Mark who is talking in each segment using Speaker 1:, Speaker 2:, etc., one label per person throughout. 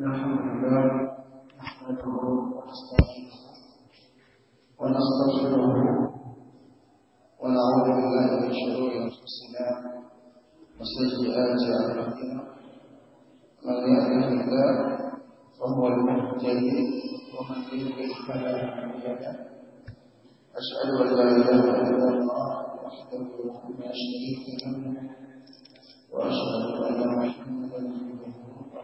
Speaker 1: الحمد لله نحمده ونستغفره
Speaker 2: ونعوذ بالله من شرور انفسنا وسيئات اعمالنا من يهده الله فهو المهتدي ومن يضلل فلا هادي له
Speaker 1: اشهد ان لا اله الا الله
Speaker 2: وحده لا شريك
Speaker 1: واشهد ان
Speaker 2: محمدا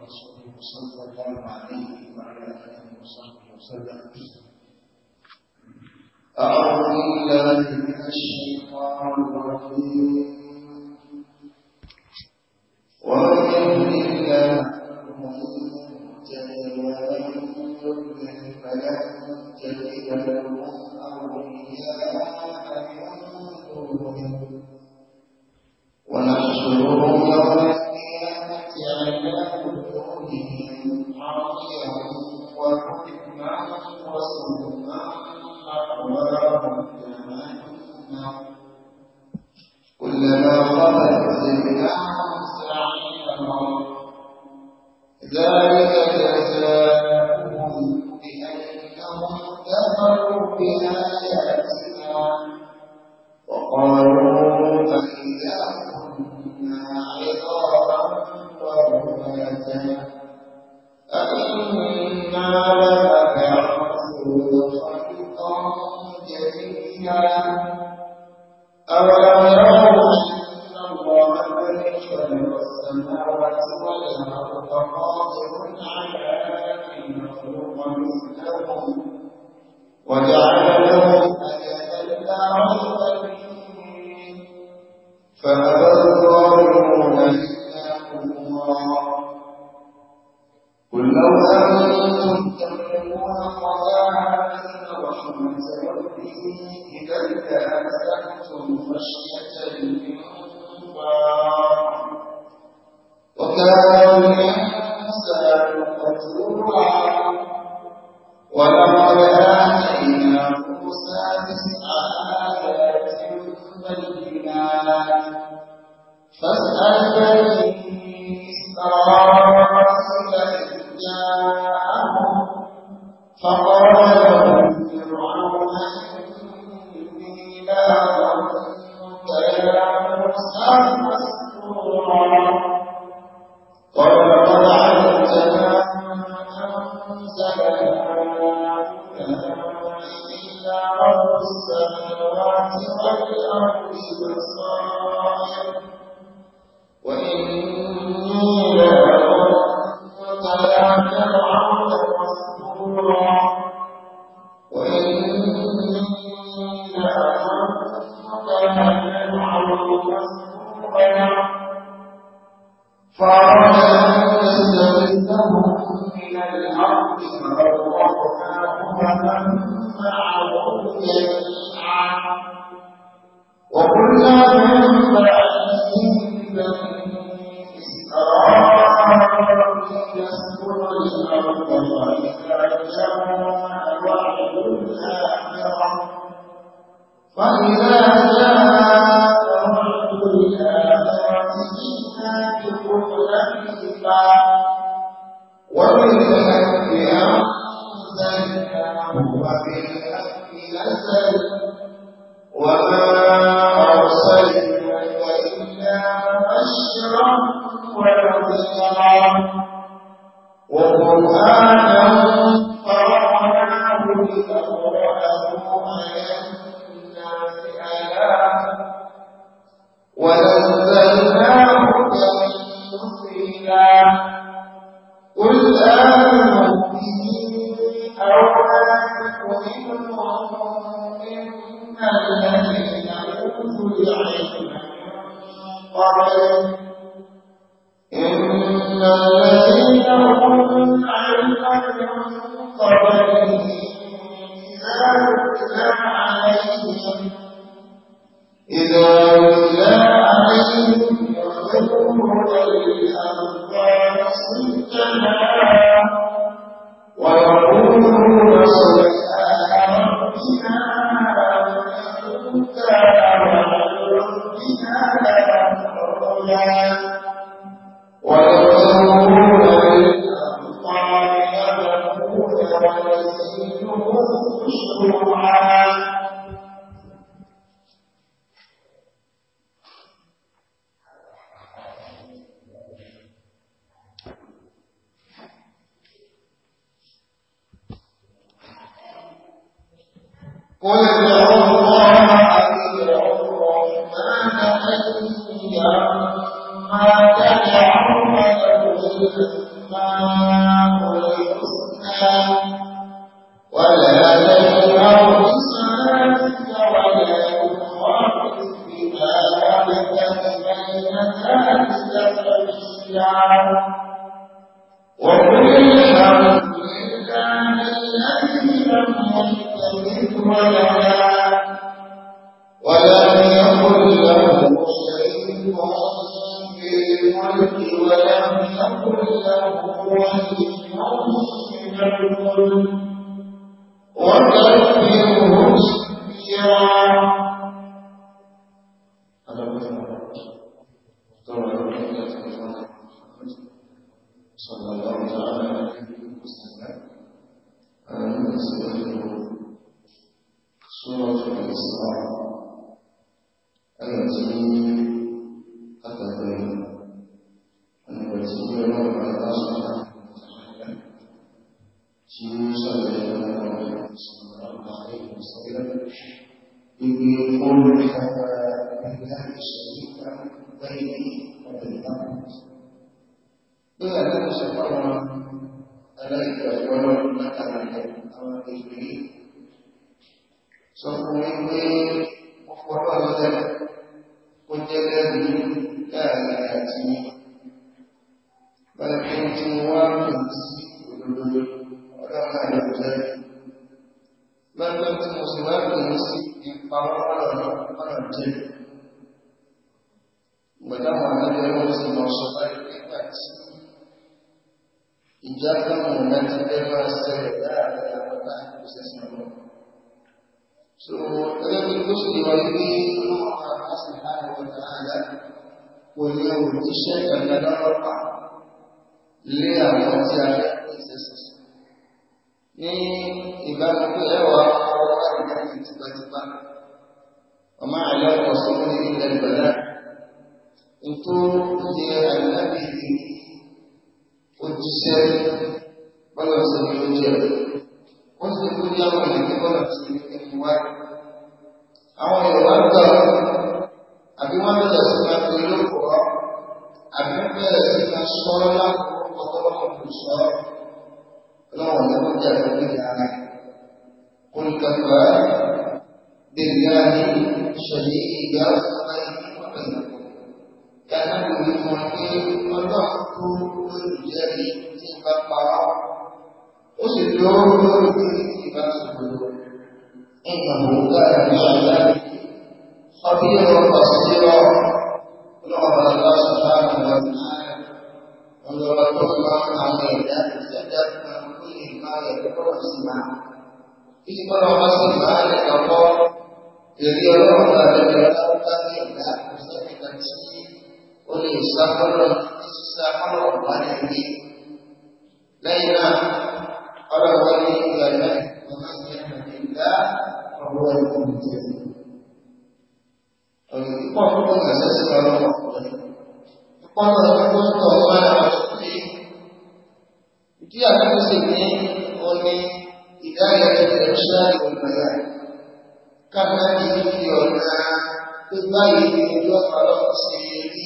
Speaker 2: رسوله صلى الله عليه وعلى آله وصحبه وسلم أعوذ بالله من الشيطان الرجيم
Speaker 1: ومن الله
Speaker 2: فلا تجد لهم أولياء ونحشرهم يوم كلما خفت زدناهم سعيا ذلك جزاء متردي إذا تأمسكتم وكان
Speaker 1: صلى الله تعالى
Speaker 2: عليه وسلم أن سورة سورة الإسراء التي أتت أن وسيلة الله سبحانه وتعالى في صلى الله عليه وسلم إن قل حتى بالله شريكا بيني وبين الأرض Bila ada yang ada seorang katakan orang ini, seorang ini mukmin ada kunjungan di dalam sini. Bagi semua orang ada jadi. Bagi semua mesti dipanggil orang jadi. Bagaimana dia mesti masuk ìjákàmù láti fẹ́ máa ṣẹlẹ̀ láàrin àwọn láàrin ìṣẹ́sìn ọlọ́run. So, ẹgbẹ́ bí ó sì wà ní ọmọ àbáṣe láàrin ọ̀dà àyà kò ní òjíṣẹ́ ìjọba lọ́pàá lé àwọn tí a fẹ́ ìṣẹ́sìn. Ní ìbámu pé ẹwà ọwọ́ àdìgbàdì tipátipá, ọmọ àlọ́ ọ̀sán ní ilẹ̀ ìbàdàn. Nítorí ní àgbàdì ó jíṣẹ́ bọ́lá sí ni ó jẹ́ wọ́n sì kú ní àwọn ìlú bọ́lá sí ni ẹni wá àwọn Yorùbá ń gbà àbí wọ́n bẹ̀rẹ̀ sí máa fi lóko àbí wọ́n bẹ̀rẹ̀ sí máa sọ̀rọ̀ lákòókò ọ̀pọ̀lọpọ̀ kò sọ̀rọ̀ ọlọ́wọ̀n ni wọ́n jà lórí ìyára kó ní kankan bẹ́ẹ̀ ní àárín ṣẹlẹ̀ ìgbà
Speaker 1: ọ̀sán báyìí wọ́n bẹ̀rẹ̀
Speaker 2: Karena dunia mati Allah itu menjadi sifat para
Speaker 1: Usidur menjadi
Speaker 2: sifat sebelum
Speaker 1: Inna muka yang syaitan
Speaker 2: Khabir wa basir Allah Allah subhanahu wa ta'ala Menurutullah alaihna Sadar mengikuti Maya keperwasimah Ini perwasimah Ini Allah Jadi Allah Allah Allah Allah Allah ó lè sáfọ́lọ́ títí sáfọ́lọ́ wà nílé lẹ́yìn náà ọlọ́wọ́ ní ìgbà náà ọ̀gá sí ẹ̀rọ ìgbà ọ̀wọ́ ẹ̀kọ́ ìjẹ́ ọ̀rọ̀ púpọ̀ púpọ̀ gàṣẹ́ sí ọlọ́wọ́ púpọ̀ lọ́wọ́ púpọ̀ tó ọ̀gá náà ṣe ìdí àkókò sì ní ó ní ìdáyẹ̀ ẹ̀rọ ṣáà ìwọ̀n káàkiri fi ọ̀nà tó báyìí ní ojú sí rí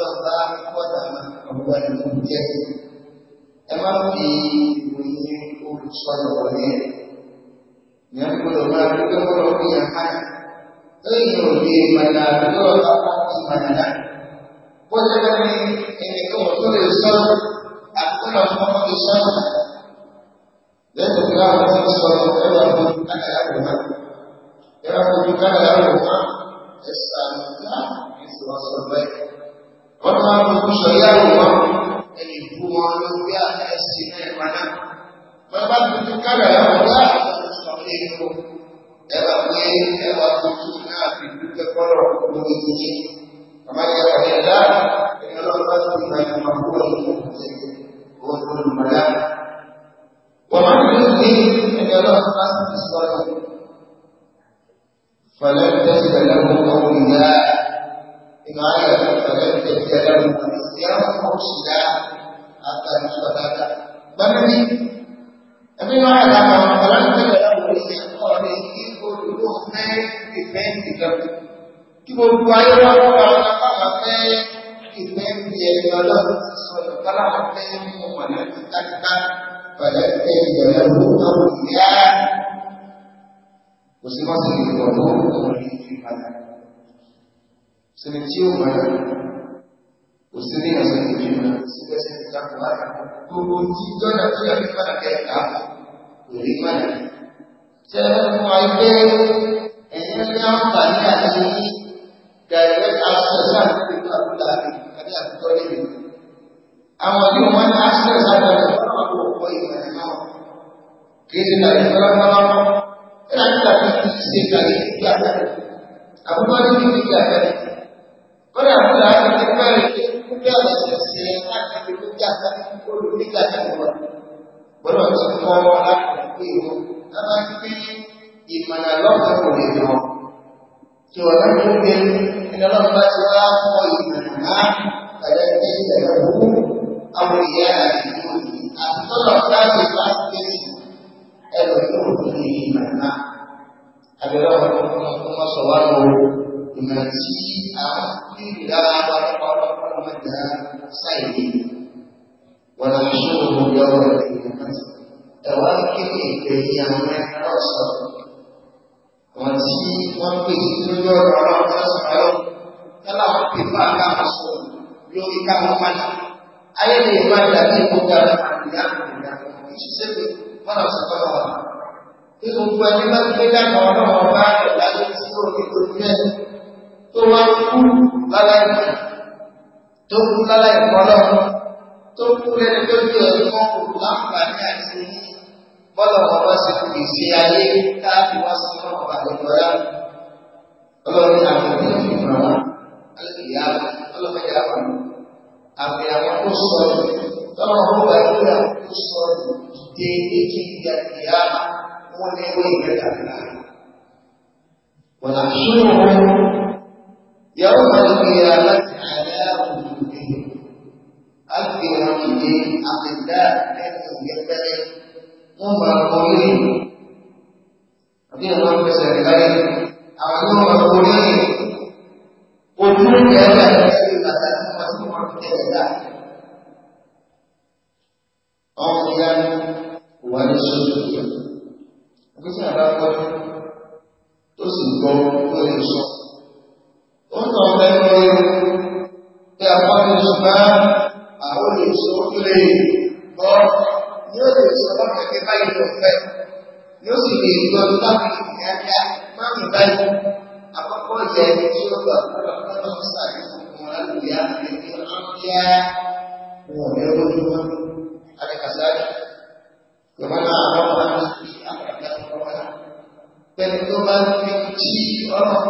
Speaker 2: lọ́ta kọ́dà ọgbà ìlú jẹ́ ẹ má fi ìròyìn olùsọ̀rọ̀ wọlé ìyẹn gbọ́dọ̀ máa dúpẹ́ fọ́lọ́ fún yàn ká lẹ́yìn òde ìmọ̀nà àdúgbò ọ̀pá ìmọ̀nà náà bó ṣe bá ní ẹnìkan wọ́n tó lè sọ̀rọ̀
Speaker 1: àkókò ọ̀pọ̀ tó lè sọ̀rọ̀
Speaker 2: lẹ́yìn òde àwọn ọmọ sọ̀rọ̀ ẹ̀rọ àwọn olùkàkàrà wò wá
Speaker 1: ẹ̀rọ àwọn olùkàkàrà wò wá ẹ̀sán náà ìṣòro sọ̀rọ̀ bẹ́ẹ̀ wọ́n máa ń fún sọ̀yàwó wọn ẹni
Speaker 2: ìbú wọn ló gbé àtẹ́sí náà padà wọ́n bá tún tún kára ẹ̀ wọ́n bá sọ̀rọ̀ èèyàn ẹ bá gbé ẹwà tuntun náà fi dúpẹ́ kọ́rọ̀ lórí ìdíje àmàlẹ́ ọ̀rẹ́ dá ìrọ̀lọ́gbà tó ń bá ìmọ̀ له أولياء وسمعت من الوضوء سمعتيه ماذا وسمعت من الجنة سمعت من التقوى وكنتي جنة في أكبر كيكا وريمانا سلام عليكم أيها الأخوة الذين كانت أساسا في قبل أن أقول لكم أما اليوم أنا أساسا في قبل أن أقول لكم yaitu dari orang-orang terangkat itu sekali tiga kali. Abu Bakar itu tiga kali. Berapa ketika itu kuda selesai di tiga kali puluh tiga kali buat.
Speaker 1: Belum sekolah
Speaker 2: itu nama kita di mana Allah kemudian
Speaker 1: Jualan mungkin dalam bahasa Al-Quran pada kita yang
Speaker 2: berbunyi Amriyah Atau Allah kasih pasti ẹlòmíràn kò ní ìmọ̀ náà àbẹ̀rẹ̀ ọ̀rọ̀ kó má sọ wá lọ ìmọ̀ tí a ń rí lára wa nípa ọlọ́pàá mẹ́ta sáyé wọn lọ sí òun yọ ọ̀rọ̀ ìgbìmọ̀ ẹ̀wá kí ni ìgbẹ̀yìn àwọn ẹ̀rọ sọ wọn tí wọn pè sí lórí ọ̀rọ̀ ọlọ́pàá sọ̀rọ̀ tẹ́lá wọn pè fún àkàwọn sọ lórí káwọn padà ayé lè má dàbí ìkókò àti àgbègbè àwọn ìṣiṣẹ́ gbogbo mọ́nà sọ̀tọ́lọ́ wa.
Speaker 1: Bí gbogbo ẹni bá gbé dàgbà ọlọ́run ọba rẹ̀
Speaker 2: láyé tí ó ní torí bẹ́ẹ̀ tó wá kú láláì tó kú láláì pọ́lọ́run tó kú lẹ́ni tó ní ẹ̀kọ́ kò láǹfààní àti bọ́lọ̀ ọba sì kò lè ṣe ayé káàkiri wá sí ọlọ́run ọba rẹ̀ lọ́yà. Ọlọ́run àwọn ènìyàn fi ràn wọ́n, alẹ́ ìyá ọlọ́fẹ́ yà wọ́n, àbẹ̀yàwó tó sọ̀rọ̀ kama huangalia Kristo alipotendeki ya kiama mune wengi katika wanahshuruhum yauma
Speaker 1: alqiyamati ala wujuhihim
Speaker 2: ardhi wakijeni akida yasali nyumba mawili lakini mambo ya serikali awanyuma wakulini ujumbe ya serikali lazima wasimamie ọ̀rìyá wà ní sọ́jú rẹ̀. Ẹni tí àbá gbọ́ tó sì gbọ́ tó lè sọ. Ó ń tàn bẹ́ẹ̀ ní ewu
Speaker 1: bí àwọn ọmọ ṣùgbọ́n
Speaker 2: àwọn lè sọ ó lè gbọ́ ni ó lè sọ wọ́n kẹ̀kẹ́ báyìí lọ fẹ́. Ni ó sì lè gbọ́ ní láti kíákíá máa ń báyìí. Àkọ́kọ́ jẹ́ ẹni tí ó gbà kúrò lọ́wọ́ sàrí fún wọn lálùyá àti ada kasari kemana orang yang orang beda dunia orang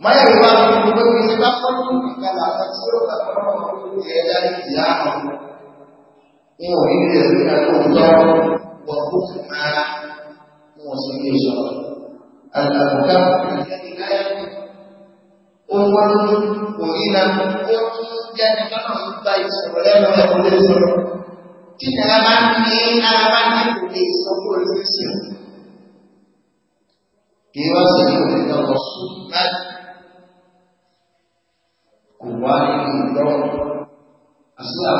Speaker 2: Maya ìwà ìgbìmọ̀ ní ṣe bá sọ́jú ìkàlà àti ọ̀gá ọ̀rọ̀ ẹ̀dá ìyá àwọn ìwọ̀n nínú ẹ̀rí àti òótọ́ wọ̀kú ara wọn sì lè sọ̀rọ̀. Àgbàgbà ìyẹn ìdáyà ó wọ́n orí na ó tún jẹ́ nígbàdàn nípa ìṣòro lẹ́nu ẹ̀kọ́ lè sọ̀rọ̀. Kí ni a máa
Speaker 1: ń ní ara máa ń ní kò lè
Speaker 2: sọ fún olùsìn? Kì í wá sí ìwé ìdánwò sùn láti kubali hidup asal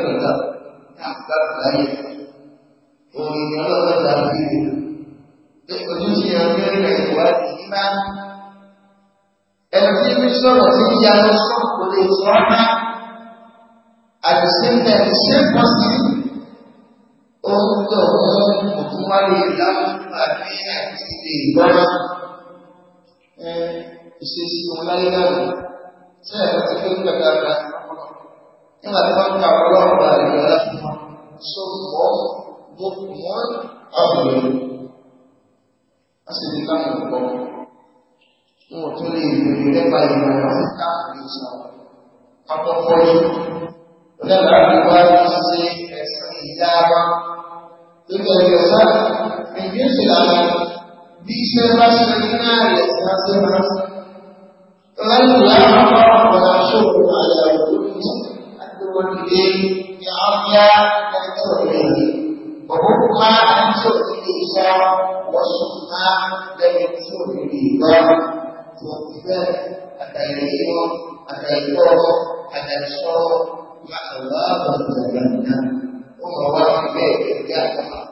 Speaker 2: kita tetap agak baik oh ini Allah dari Kecuali yang dia dari iman. Elvi Misoro sini yang boleh suara. At the same time, person untuk hukuman dalam adanya istri. Eh, istri mulai dari ṣe ẹ̀rọ ti fi ń gbà dáadáa nígbà tí wọ́n gbà wọ́n lọ́wọ́ bá rẹ̀ so mọ́ bó mọ́ àbúrò a sì ní ká mọ̀ pọ̀ n ò tún lè rìn nípa ìmọ̀ àti káàkiri ìṣàwọ̀ àkọ́kọ́ yìí lọ́dọ̀ àdúgbò á ti ṣe ẹ̀sìn ìyá wa lórí ẹ̀yọ̀ sáà ẹ̀yìn ìṣẹ̀lẹ̀ bí iṣẹ́ bá ṣe ní náà rẹ̀ ṣe máa ṣe máa ṣe. لن يعبر ولا شر على وجود الدول إليه بعافية ننتظر إليه وهم أن تؤتي الإشارة والسماء لم يكسر الإيمان وكذلك التيمم التيمم الأنصار مع الله الجنة ومواقف الجنة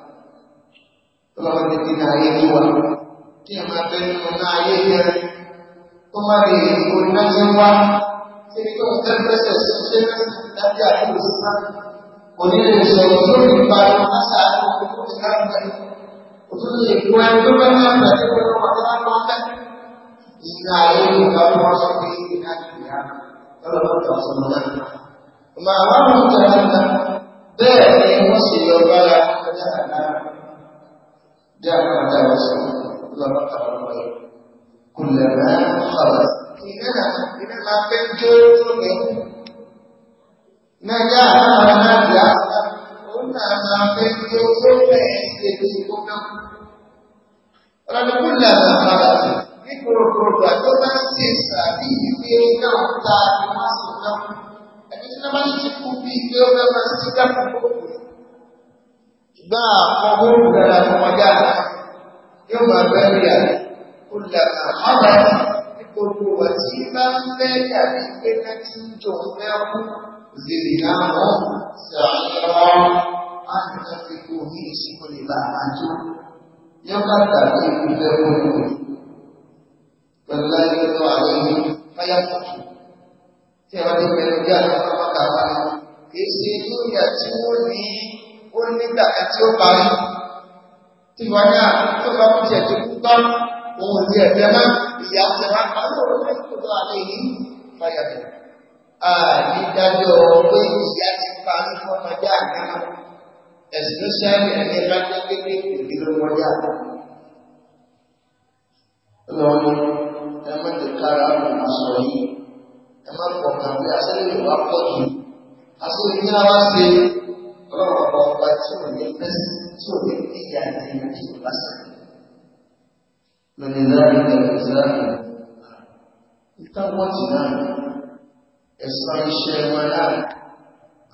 Speaker 2: ثم الذين عليه كما بيننا عليه kembali guna nyawa sehingga bukan proses dengan tapi ada usaha
Speaker 1: Kemudian seluruh ibadah masa aku kumpul sekarang dari Untuk lingkungan itu memang berarti belum
Speaker 2: masalah makan Jika ini kamu masuk di pihak dia Kalau betul sebenarnya Kemauan menjalankan Dari emosi yoga kerjaan Dan pada usaha Belum masalah baik كلما خبت إننا إننا بنجوم نجاح أنا بلاسنا قلنا ما بنجوم إنسيتكم رب كلما خبت nígbòrògbòrògbò àti ó bá ń ṣe ìsàbí ìwé náà ta ìmọ̀sán náà ẹni tí wọ́n bá ń tún fún bí ìwé ọgbẹ́ máa ń ṣe dákun gbòòrò ṣùgbọ́n àwọn ọmọ òwúrọ̀ àwọn ọmọdé àná yóò máa bẹ́ẹ̀ rí àná. كلما خلت بقوة من ذلك بكلمة تغفر زدناهم سعيرا أن تفكوا في اسم الإمامة
Speaker 1: يقدر في كل
Speaker 2: والله يرضى عليهم فيموت tẹ̀wọ́n ní pẹ̀lú bí àwọn ọmọkà wà ní kìí ṣe inú ìyà tí wọ́n ní ó nígbà kan tí ó parí tí wọ́n ní àwọn tó bá kú òun ò ní ẹ̀fẹ́ mọ́ ìyá ti wá àwọn olóòtú alẹ́ yìí fàyàbẹ̀. àyídájọ́ pé ìyá ti pa ní fọmọdé àgbà ẹ̀sìn sẹ́ẹ̀lì ẹ̀mí rájọ́ kékeré ìdílọ́mọdé àgbà. lọ́nà ẹ má ti kára àwọn aṣọ yìí ẹ má pọ̀ kàn bí aṣẹ́lẹ̀ wà pọ̀ jù aṣẹ́lẹ̀ ní ara ṣe ọlọ́run ọba ọba tí ò ní fẹ́ sí tí ò ní fi ìyá ìdílé àti ìbáṣẹ́. من ذلك الإزاء ìtàwọ̀tì náà ẹ̀sọ́ iṣẹ́ wọn náà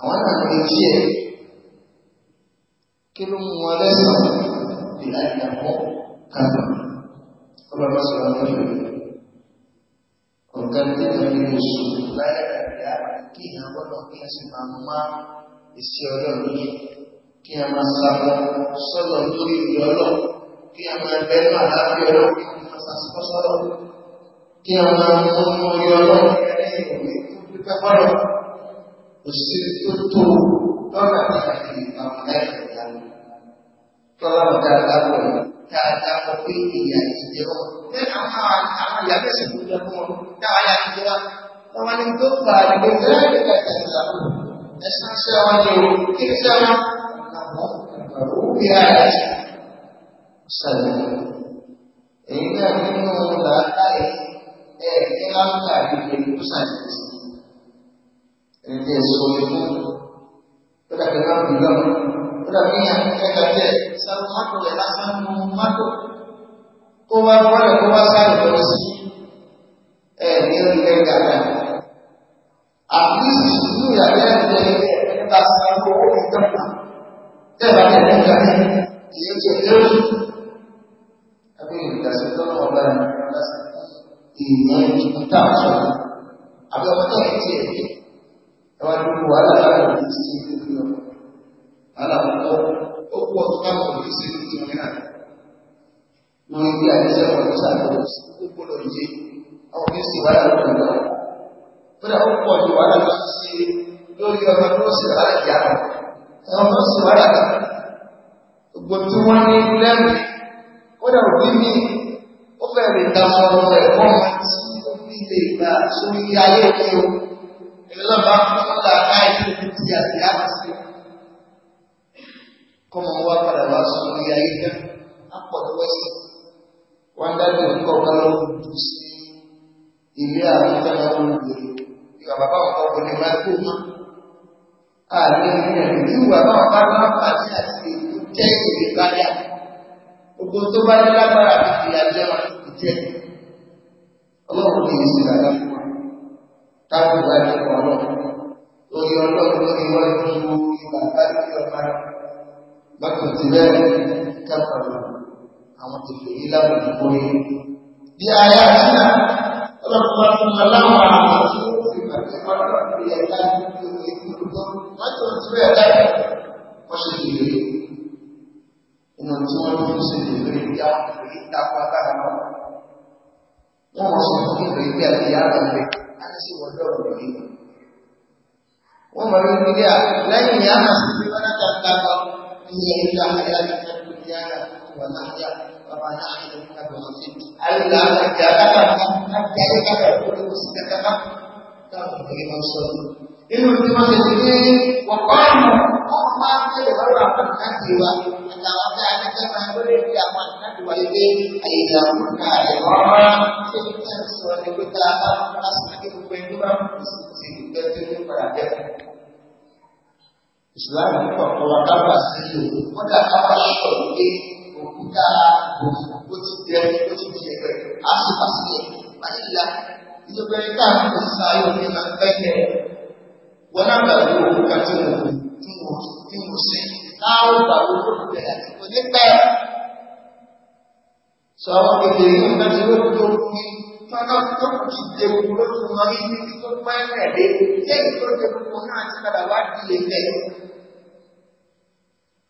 Speaker 2: àwọn náà ní tí ẹ̀ kí ló mú wọn lẹ́sàn bí àìdàpọ̀ kàtà ọlọ́pàá sọ̀rọ̀ lọ́jọ́ ọ̀gá tí wọ́n ní oṣù láyé àgbà kí ìhà gbọ́dọ̀ kí wọ́n sì máa má iṣẹ́ ọlọ́run kí wọ́n máa sábọ́ sọ́dọ̀ lórí ìlú kí a máa bẹ́ẹ̀ máa láti ọlọ́run kí a máa sàṣọ́ sọ́rọ̀ kí a máa mú ọmọ yọ ọlọ́run ẹni ìwé tó dúpẹ́ fọ́rọ̀ kò sí tó tó lọ́nà pàtàkì àwọn ẹ̀rọ ìlànà tọ́lá ọ̀dà àgbàbọ̀ dáadáa mọ̀ pé ìyá ìjẹ́ wọn. Ṣé àwọn àwọn ìyá bẹ̀rẹ̀ sọ̀rọ̀ jẹ́ fún wọn dáa ya ìjẹ́ wa? Wọ́n ní tó fà á nígbà tí wọ́n lè kẹ́kẹ́ sọ̀rọ̀. Ẹ̀sán ṣẹ́ wọn ni o, kí ṣẹ́ wọn? Àwọn ọ̀rọ̀ òbí ara ẹ̀sìn. وسلم إذا منه لا تأي إعلام تعريف المسلم إذا سويته Kita kenal bilang, kita punya kata satu matu ya lasan matu. Kuwa kuwa kuwa saya terus. Eh dia dia kata. Abis itu ya dia dia tak sanggup untuk. Dia banyak juga. Dia terus ìdásí tọ́nà ọ̀la ìyẹn ìta àṣọ àbí ọmọ tó ẹ̀tì ẹ̀tì ẹ wá dúró wàhálà láàrin òbí ti ṣe ìlú fi ọmọ wàhálà púpọ̀ ó pọ̀ tó bá wọn fi ṣe ìlú tó ní àná wọn ń gbé àdéṣe wọn lọ sàbẹ̀wò sí gbogbo lọ yé àwọn fi ṣe wàhálà lórí lọ kódà ó pọ̀ ní wàhálà lọ sí lórí ọmọ tó ṣe wàhálà yàrá ọmọ tó ṣe wàhálà gbogbo tí wọ́n ní lẹ́nu kódà òbí mi ó fẹ́rẹ̀ ta sọ̀rọ̀ rẹ̀ fún ọmọ tí ó ní ilé ìgbà sórí ayé mi o èmi náà bá fún un là káyé ti àti àti sí kọ́ mọ wá padà wá sórí ayé náà á pọ̀ lọ́wọ́ sí wọn dájú nǹkan ọ̀gá lọ́wọ́ tó sí ilé àwọn ìjọba wọn gbèrè ìwà bàbá wọn kọ̀ọ̀kan ní máa kó mọ́ àárín ìrìn àjò ìwà bàbá wọn bá lọ́wọ́ àti àti jẹ́ ìrìn bá yàtọ̀ gbogbo tó bá ní lágbára àti ìyàjẹ́ wọn kò jẹ́ ọlọ́run kì í sí dàda fún wa táwọn bá ní ọ̀rọ̀ lórí ọlọ́run lórí wọn ní gbogbo ìgbà láti ọba bákan ti bẹ́ẹ̀ kápẹ́lú àwọn tètè yìí láwùjọ bóyá
Speaker 1: bí ayé àti náà ọlọ́run bá fún wa láwọn àwọn tí
Speaker 2: ó fi bàtí ọlọ́run fi ẹ̀dá ìlú ìlú tó wájú ti bẹ́ẹ̀ wọ́n ṣe kìlì ìwọ̀n tí wọ́n fi ń ṣe ìlérí ìyá ìlérí ìtàkù agbára náà wọ́n mọ̀ sọ fún ìlérí bí àti ìyá rẹ̀ rẹ̀ láti sí wọ́n lọ́rọ̀ rẹ̀ wọ́n mọ̀ rí ní díà lẹ́yìn ìyá náà sí pé wọ́n dáta dáta ìyẹ ìlà ìyá ìfẹ́ tó di ara wà láyà bàbá náà ìlú ìtàkù ọ̀sẹ̀ àlùlà àti àkàtà àti àyíká nínú tí wọ́n ṣe ní ọ̀pọ̀ ọ̀nà wọ́n máa ń tẹ̀lé lọ́rọ̀ àwọn Yang wa àtàwọn tá a ní kẹ́ máa lórí ìdí àwọn àkáǹtì wa yìí pé àyèjà àwọn àyè ọ̀rọ̀ ṣé kí wọ́n sọ ní pé tá a bá a sì ní gbogbo ẹni bá ń sì ti ìgbẹ́ tó ní padà jẹ́. ìsìláàmù ní ọ̀pọ̀ wa dábà wọn náà gbàgbé òkú kan tí mo tí mo tí mo sin náà ó gbàgbé òkú bẹ̀rẹ̀ àtìkò ní pẹ́. sọ àwọn kékeré yìí nígbà tí wọ́n tó kú ní tọ́lá tó kù ti dé gbogbo lóṣù wọn ní ibi tó pẹ́ rẹ̀lé lẹ́yìn tó dé gbogbo náà ti padà wá di ilé fẹ́.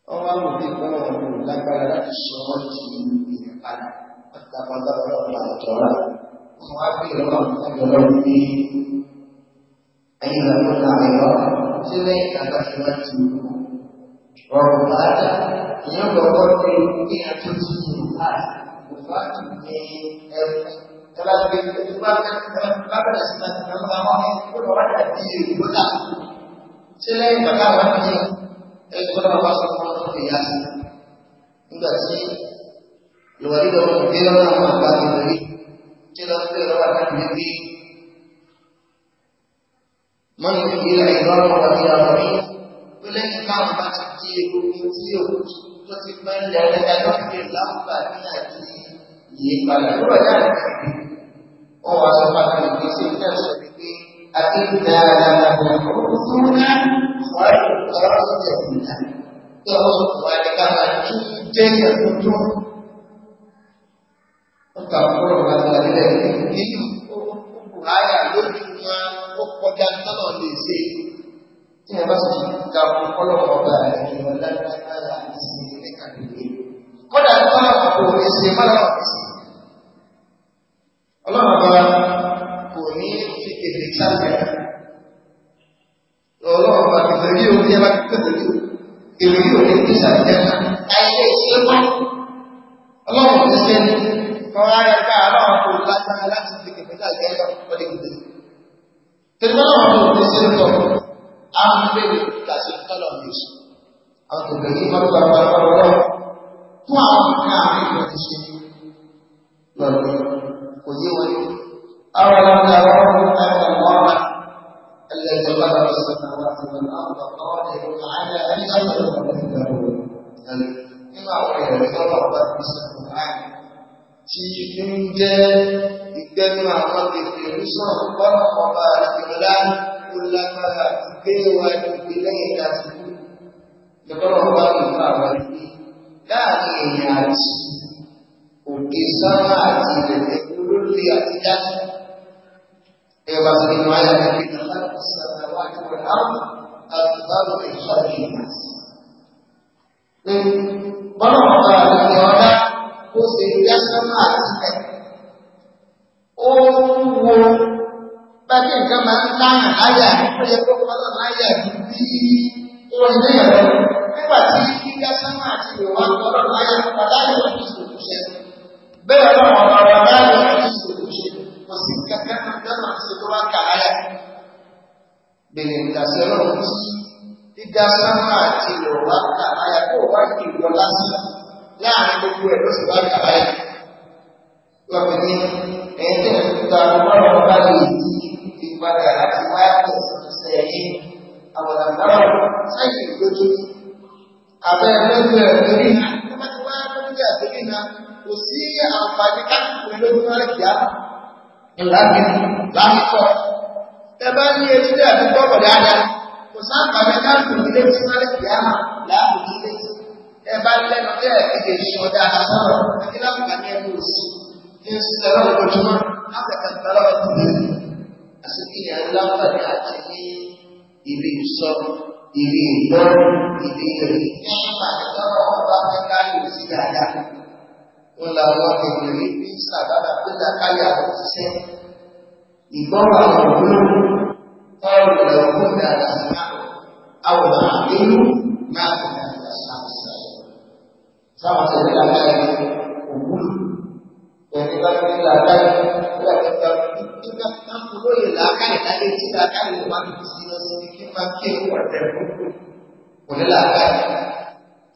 Speaker 2: wọ́n wá wò bí wọ́n wọ́n lágbára láti sọ ọ́ di ìyẹn padà pátápátá lọ́wọ́ àwọn Aida kunna aida sile atakimaju wa kupata kinyongo kote kinachozungumza kufuata kama tulivyopata kama tunasema kama kama kuna watu watii kuna sile mpaka watu kuna watu kwa kiasi ndio si ni walido kwa kila mtu ambaye ni kila mtu anataka mọ́nà ìgbéra ìlọ́rọ̀ àti àwọ̀rí ó lẹ́yìn káwọn bá ti di egungun tí ò tó ti pẹ́ ń lẹ ọlẹ́ta tó fi lè láǹfà ní àti ìyípadà ló wà láàrin kàkiri. ó wàá sọ fún àwọn ìgbésẹ̀ ní àṣọ wípé akéwìdá àgbàlagbà òkúrú náà wà lọ́rọ̀ ìjẹ̀kùnà tó wà ní káwọn tó jẹ́ ìyẹ̀kùn tó ń kà fún ọ̀rọ̀ àgbàlagbà nílẹ̀ nínú ó kù láyà lójú ọjà tọ́lọ̀ lè ṣe tí ẹ bá sì ga fún kọ́lọ́mọ ọba ẹ̀yìn ọ̀la lágbára àti ẹ̀ka lòdì. kọ́dà tọ́lọ̀ kò ní ṣe mọ́lá ọ̀sẹ̀. ọlọ́run ọba kò ní fi kèfè sáfẹ́. ọlọ́run ọba kèfè rí omi ẹ bá kèfè rí omi èrè yóò ní kí sàbíjà ayé ìṣẹ́gbọ́ ọlọ́run ti ṣe ní kọ́ ara ẹgbẹ́ aláwọ̀ kò lágbára láti fi kèké tẹ̀gbọ́n àwọn ọmọ ìṣe ń tọ̀ á ń bèrè láti tọ́lọ̀ ní oṣù àwọn tó bẹ̀rẹ̀ yìí máa gba agbára ọlọ́
Speaker 1: fún àwọn nǹkan àárín ìwọ̀n ti ṣe ní
Speaker 2: lọ́dọ̀ kò yé wọn ní. àwọn ọlọ́dà ọlọ́run ní ẹ̀rọ ọ̀la ẹ̀lẹ́ ìjọba lọ́dọ̀ sọ̀tà láti wọn àwọn ọ̀dọ́ ọ̀dẹ̀ ìrọ̀lá àyà ẹ̀yìn sọ̀tà lọ́dọ̀ ìgbà tí ń jẹ́ ìgbẹ́nu àwọn kèfèrí sọ̀rọ̀ kọ́nà ọba àdìgbòlá tó lágbára àti gbé wa dìgbì lẹ́yìn ìdásíkú lọ́dọ̀ ọba nínú àwọn ìlú láàrin èèyàn àti òkè sáwọn àti ìrẹ̀lẹ̀ olórí àti dájú. Ẹ̀yọ̀ bá ti nínú ayé àti ìdílé láti sábà wá ní wọn àti báwo ìṣọ́ ìlú. Bọ́lá ṣe yásánmà àtìlẹ̀. Ó ń wo bẹ́ẹ̀ nǹkan máa ń láyàn láyà ó yẹ kó kọ́ náà láyà bí ó ń lé ẹ̀rọ. Nígbà tí yásánmà àti ìwà ń lọ́rọ̀ láyà nípa láyà ó ti sòkò ṣe. Bẹ́ẹ̀ náà wọ́n lọ́rọ̀ láyà ó ti sòkò ṣe. Kò sí kẹ̀kẹ́ náà bẹ́ẹ̀ náà ṣe tó wá kà láyà. Bèrè ìdásẹ́ ọlọ́run sí dídá sánmà àti ìwà ń kà láyà kó wá ìwọ lásìkò láàrin gbogbo ẹ̀ ló sì wá kàbá yìí. Wọ́n fi ní ẹ̀yìn tí wọ́n ọgbọ́n ọba lè di ìpadà láti wá ẹ̀sẹ̀ yìí. Àwọn àgbàrá sáyẹn ìgbójú. Àbẹ́ lójú ẹ̀ lórí náà, wọ́n bá ti wá lójú ẹ̀ lórí náà, kò sí àǹfààní káàkiri lójú náà kìá. Ìlànà lásìkò. Ẹ bá ní etí dẹ̀ àti gbọ́kọ̀ dáadáa, kò sáǹfààní káàkiri lójú náà kìá láàbùkù lójú ẹ bá lẹ́nu bí ẹ̀kẹ́kẹ́ ṣe ọ̀dà àtàwọn akíláàbù bá ní ẹnu òsì ní sẹ́rọ̀ lójúmọ́ látẹ̀kẹ̀kẹ̀ lọ́wọ́ ti lè rí àsìkìyà láǹfààní àti ní ìrì sọ ìrì ìgbọ́ ìrì ìrì láǹfààní lọ́wọ́ ọba mẹ́ta yóò sí dáadáa wọn làwọn ènìyàn ní sàbàbà tó dákáyà òṣìṣẹ́ ìgbọ́ àwọn olóògùn ọ̀rọ̀ ìlọ́gbọ̀n dáadáa àwòrán àdéhùn máa sama saja lagi kubur dan kita
Speaker 1: tidak lagi
Speaker 2: tidak kita tidak mampu boleh lagi tadi kita akan membantu sila sedikit makin kuat boleh lagi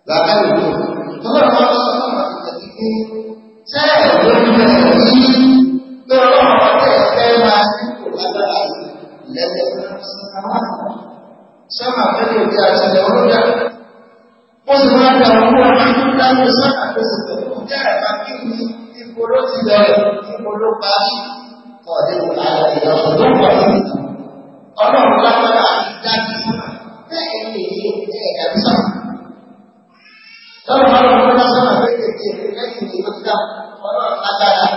Speaker 2: lagi itu kalau kalau sama kita ini saya belum berani kalau saya masih kurang lagi lebih sama beliau dia sudah bó ti máa da owó ọdún dájú sọ́nà tó sì tó kú jẹ́ ẹ̀ka kí ni ipò ló ti bẹ̀rẹ̀ ipò ló parí ọ̀dẹ̀ àti ọ̀sán tó pọ̀ sí ìtàn ọlọ́run lágbára àti dájú sọ́nà bẹ́ẹ̀ ni èyí ẹ̀ dájú sọ́nà. lọ́rùn ọlọ́run lọ́dá sọ́nà bẹ́ẹ̀ tètè lẹ́yìn ìlú ti dá ọlọ́run lágbára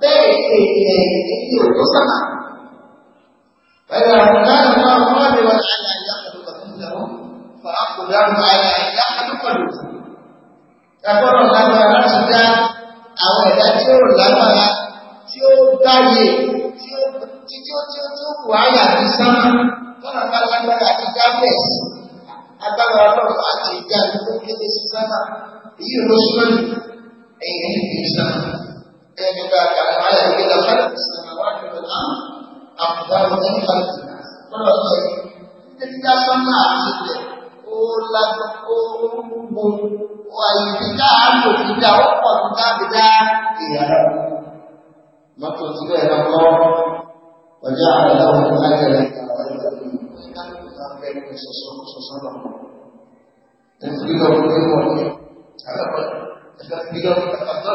Speaker 2: bẹ́ẹ̀ tètè èyí ò tó sọ́nà. pẹ̀lú àwọn ọ̀gá àwọn ọmọdé wọn ṣàlàyé àkọ́kọ́ tó ń lọ fún àkọlù ẹgbọ́dọ̀ lágbára láti dá àwọn ẹ̀dá tí ó lágbára tí ó dáyé tí ó tí ó tí ó tí ó wà áyà ní sámá tọ́nà bá lágbára àti dábẹ́s agbára ọlọ́run àti ìgbà tó kéde sí sámá èyí ló sọ́ọ̀lù ẹ̀yìn ní ìlú sámá ẹ̀mí bá kàwọn áyà ìgbéga fáìlì sámá wà ní ọ̀nà àpòdà ọ̀nà ìfàlùfà tọ́lọ̀ sọ́yìn nígbà sámá àti ìgbà ó lágbó ó ń bo
Speaker 1: àyè tí káàárì òfin dá ó pọ̀ tó káàbí dá ìyàrá.
Speaker 2: Mọ́tò ti bẹ́ẹ̀ lọ kọ́ ọjọ́ àwọn ọ̀dọ́ ọ̀dọ́ ayẹyẹ ìgbàlódé ìgbàlódé ìgbàlódé ìgbàlódé Tẹ̀sílọ̀ ló ń wọ̀ ní àlọ́pàá. Tẹ̀sílọ̀ ló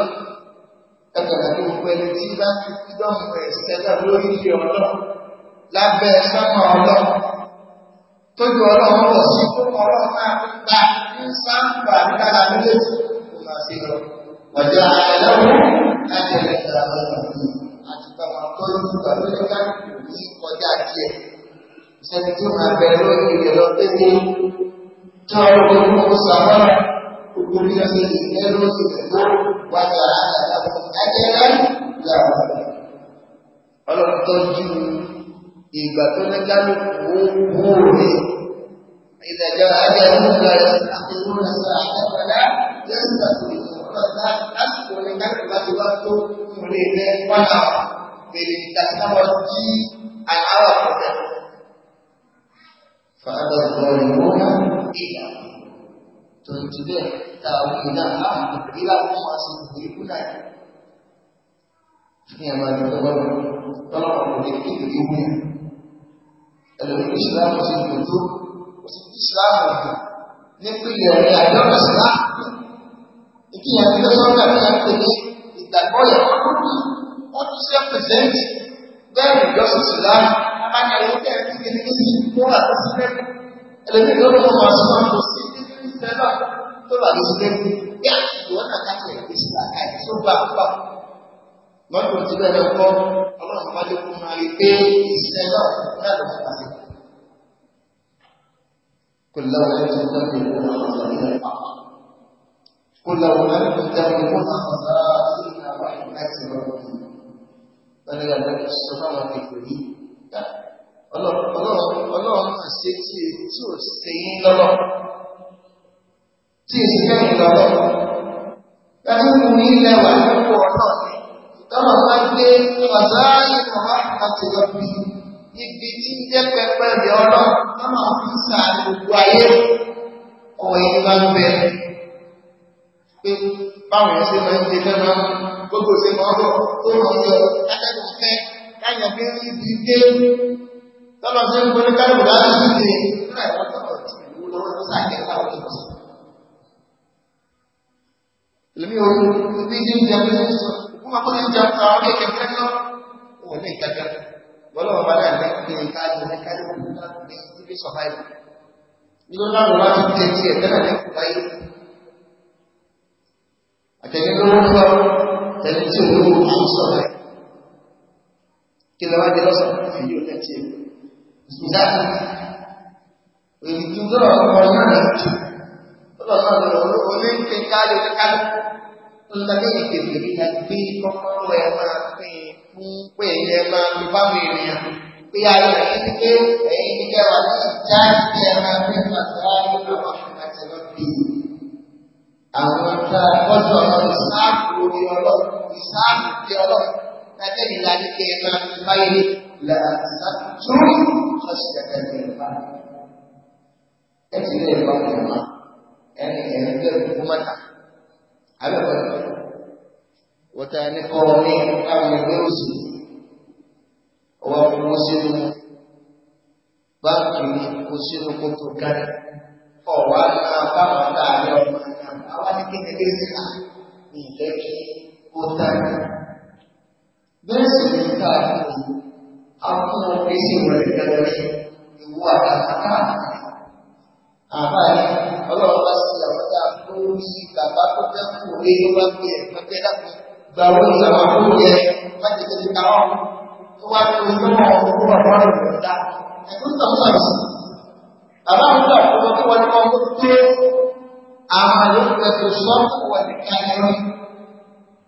Speaker 2: ń Ẹ̀ka tó gbogbo ẹni tí bá ti fi dọ́mù ẹ̀sẹ̀ náà lórí ìdí ọ̀dọ́
Speaker 1: lábẹ́ sánmà
Speaker 2: ọlọ́run tójú ọlọ́run lọ sí fún ọlọ́run máa ń gba ń sáǹgbà nígbàdà méjèèjì kò máa ṣe lọ. Wọ̀jọ́ àyẹ̀wò láti ẹ̀rẹ́ ìgbà lọ́nà yìí àti bàbá tó ń gbà lórí ká ní kọjá díẹ̀. Ìṣẹ́ni tí ó máa bẹ̀rẹ̀ lórí ilẹ̀ lọ pété tí wọ́n lọ fún sàmọ́ gbogbo bí wọ́n ṣe ìgbẹ́ lórí ilẹ̀ tó wájà àyẹ̀wò ẹgbẹ́ Ọlọ́run tó ń ìgbà tó ní kálukú owó rè ìdájọ́ ajẹ́rú ńlá rẹ̀ àtẹ̀wọ́n ẹ̀sẹ̀ àtẹ̀wọ́dá lẹ́sẹ̀ àtẹ̀wọ́dá lásìkò ní kálukú bá ti wá tó múlé rẹ̀ wọ́nà bèrè ìdásínáwọ̀ tí àárọ̀ kọjá. فأبى الظالمون إلا تنتبه تأويلا أحد إلى مصاصي يقولون هي ما تقول طلب الكتب يقولون ẹlòmí ìsìlámù ti dùn tó kò sí ìsìlámù dùn nípìnlẹ̀ rẹ̀ àjọyọ̀ ìsìlámù ìkíyàn tó sọ́kà ní àpèlé ìgbàgbọ́ ìyàwó lórí wọ́n tún ṣe pẹ̀sẹ̀ntì bẹ́ẹ̀ ni ìjọsìn ìsìlámù amáyà ló kẹ́ ẹ̀rí kí ní sí tó wà lọ sí lẹ́kùn ẹlòmí ló ló wà sí wọn kò sí ní sẹ́lá tó wà lọ sí lẹ́kùn bí àtúntò wọn tí bẹ́ẹ̀ lọ́kọ́ ọlọ́run wájú kún máa rí pé ìṣẹ́ náà náà lọ́ كل ولد تستمعون خصائص الحق كل ولد تستمعون خصائص الرحم أكثر بل النبي صلى الله عليه وسلم Ọlọ́run náà ṣe tí tí ò sẹ́yìn lọ́lọ́ tí ì sẹ́yìn lọ́lọ́. Dájú kù ní ilẹ̀ wà ní ọ̀pọ̀ náà ni. Tọ́lọ̀ bá gbé ọ̀sán ìmọ̀ wá àti lọ́bí níbi tí ń jẹ́ pẹpẹ rẹ̀ ọlọ́run lọ́nà fi ń sa gbogbo ayé ọ̀rọ̀ yìí bá ń bẹ pé báwọn ẹ̀ṣẹ́ máa ń ṣe lẹ́nu gbogbo ṣe máa ń bọ̀ tó ràn yọ látẹ́kùn fẹ́ láyọ̀ bí ń rí dé
Speaker 1: lọ́nà tí ń gbọ́n kárò láti rí dé nínú
Speaker 2: ẹ̀rọ tó rọ̀ tí ìlú lọ́wọ́ tó sàkẹ́ láwọn ọ̀dọ́ lèmi o ní bí ń jẹun ní sọ òkú máa kọ́ ní jẹun sọ àwọn náà wọ̀ ní Ọlọ́run bá dáa pé káàdì ní káàdì kò ní láti ibi sọ báyìí. Nígbà náà wọ́n ti tẹ̀ sí ẹ̀fẹ́ náà lẹ́kọ̀ọ́ báyìí. Àtẹ̀lé tó ń fọ́ tẹ̀lé tí òun kò sọ sọ báyìí. Kí ló wá dé lọ́sọ̀ fi yóò tẹ̀ sí ẹ̀fẹ́. Ìdá ìdí tó lọ sọ náà lọ jù. Ọlọ́run náà lọ orí ń pe káàdì ní káàdì. Ó lọ lẹ́yìn fún pé ẹ̀yẹ máa fi báwọn ènìyàn pé ayọ̀ yìí ti pé ẹ̀yìn ní kẹwàá ní ìjà ìdí ẹ̀ máa fi pàṣẹ ayé lọ́wọ́ àti lọ́dẹ. Àwọn tá a gbọ́dọ̀ lọ ìsáàpù orí ọlọ́run ìsáàpù ti ọlọ́run tẹ́tẹ́ ìlà ní kí ẹ máa fi báyé là sàtúrú ṣọ́ọ̀ṣì kẹ̀kẹ́ ní ìfà. Ẹ ti lè lọ́kùnrin wa ẹni ẹ̀rín bẹ́ẹ̀ kú mọ́ta. Àbẹ̀wò ẹ̀kọ́ wata ni kọmi ami gbẹnsi ọwọ kò sínú báńkì ni kò sínú kótó kan ọwọ àná báwọn tá a yọ ọmọ náà àwọn ní kékeré sí ni káàkiri àwọn oríṣi ìwọlẹ gẹ́gẹ́ ìwọ àtàkà àbáyé ọlọ́run bá sí
Speaker 1: àwọn tá a kó sí bàbá tó fẹ́ kú orí ló bá gbé ẹ lọtẹ lápẹ gba owó ìyàwó àkókò yẹ
Speaker 2: májèkèjì káwọn tó wá ní ojú ọmọ ọkọ ọmọ rẹ lọ
Speaker 1: dá ẹkún sometimes bàbá mi gbà fún wọn kí wọn ní wọn kó
Speaker 2: tó àmàlẹ ìgbà tó sọ fún wọn ní káyọ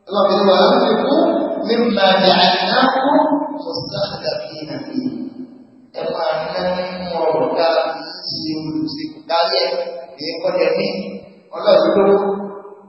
Speaker 2: ọlọmọdé wà lórí ikú mímọ àti àyìnákú kò sáàdà bíi nàbí ẹ máa ná nínú ọ̀rọ̀ dáa kì í ṣe olùsèkú dálẹ èyí ní ọlọ́ọ̀dúnrún.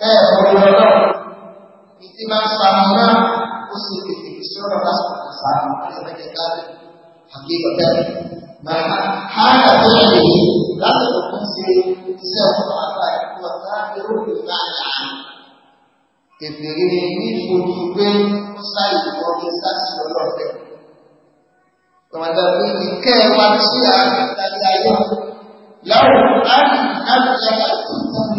Speaker 2: bẹ́ẹ̀ orí ọlọ́ ìdí máa ń sanu náà ó sì tètè ìṣòro lásìkò kan sanu ayọ̀mẹ́jẹ káàdì àbí ọ̀tẹ́ máa ha kà tó ṣe yìí lásìkò kan ṣe iṣẹ́ ọ̀tọ̀ àgbà ìlú ọ̀tá ẹ̀rọ ìlú náà yà á. Èbèrè ní ìfojú pé ń tàbí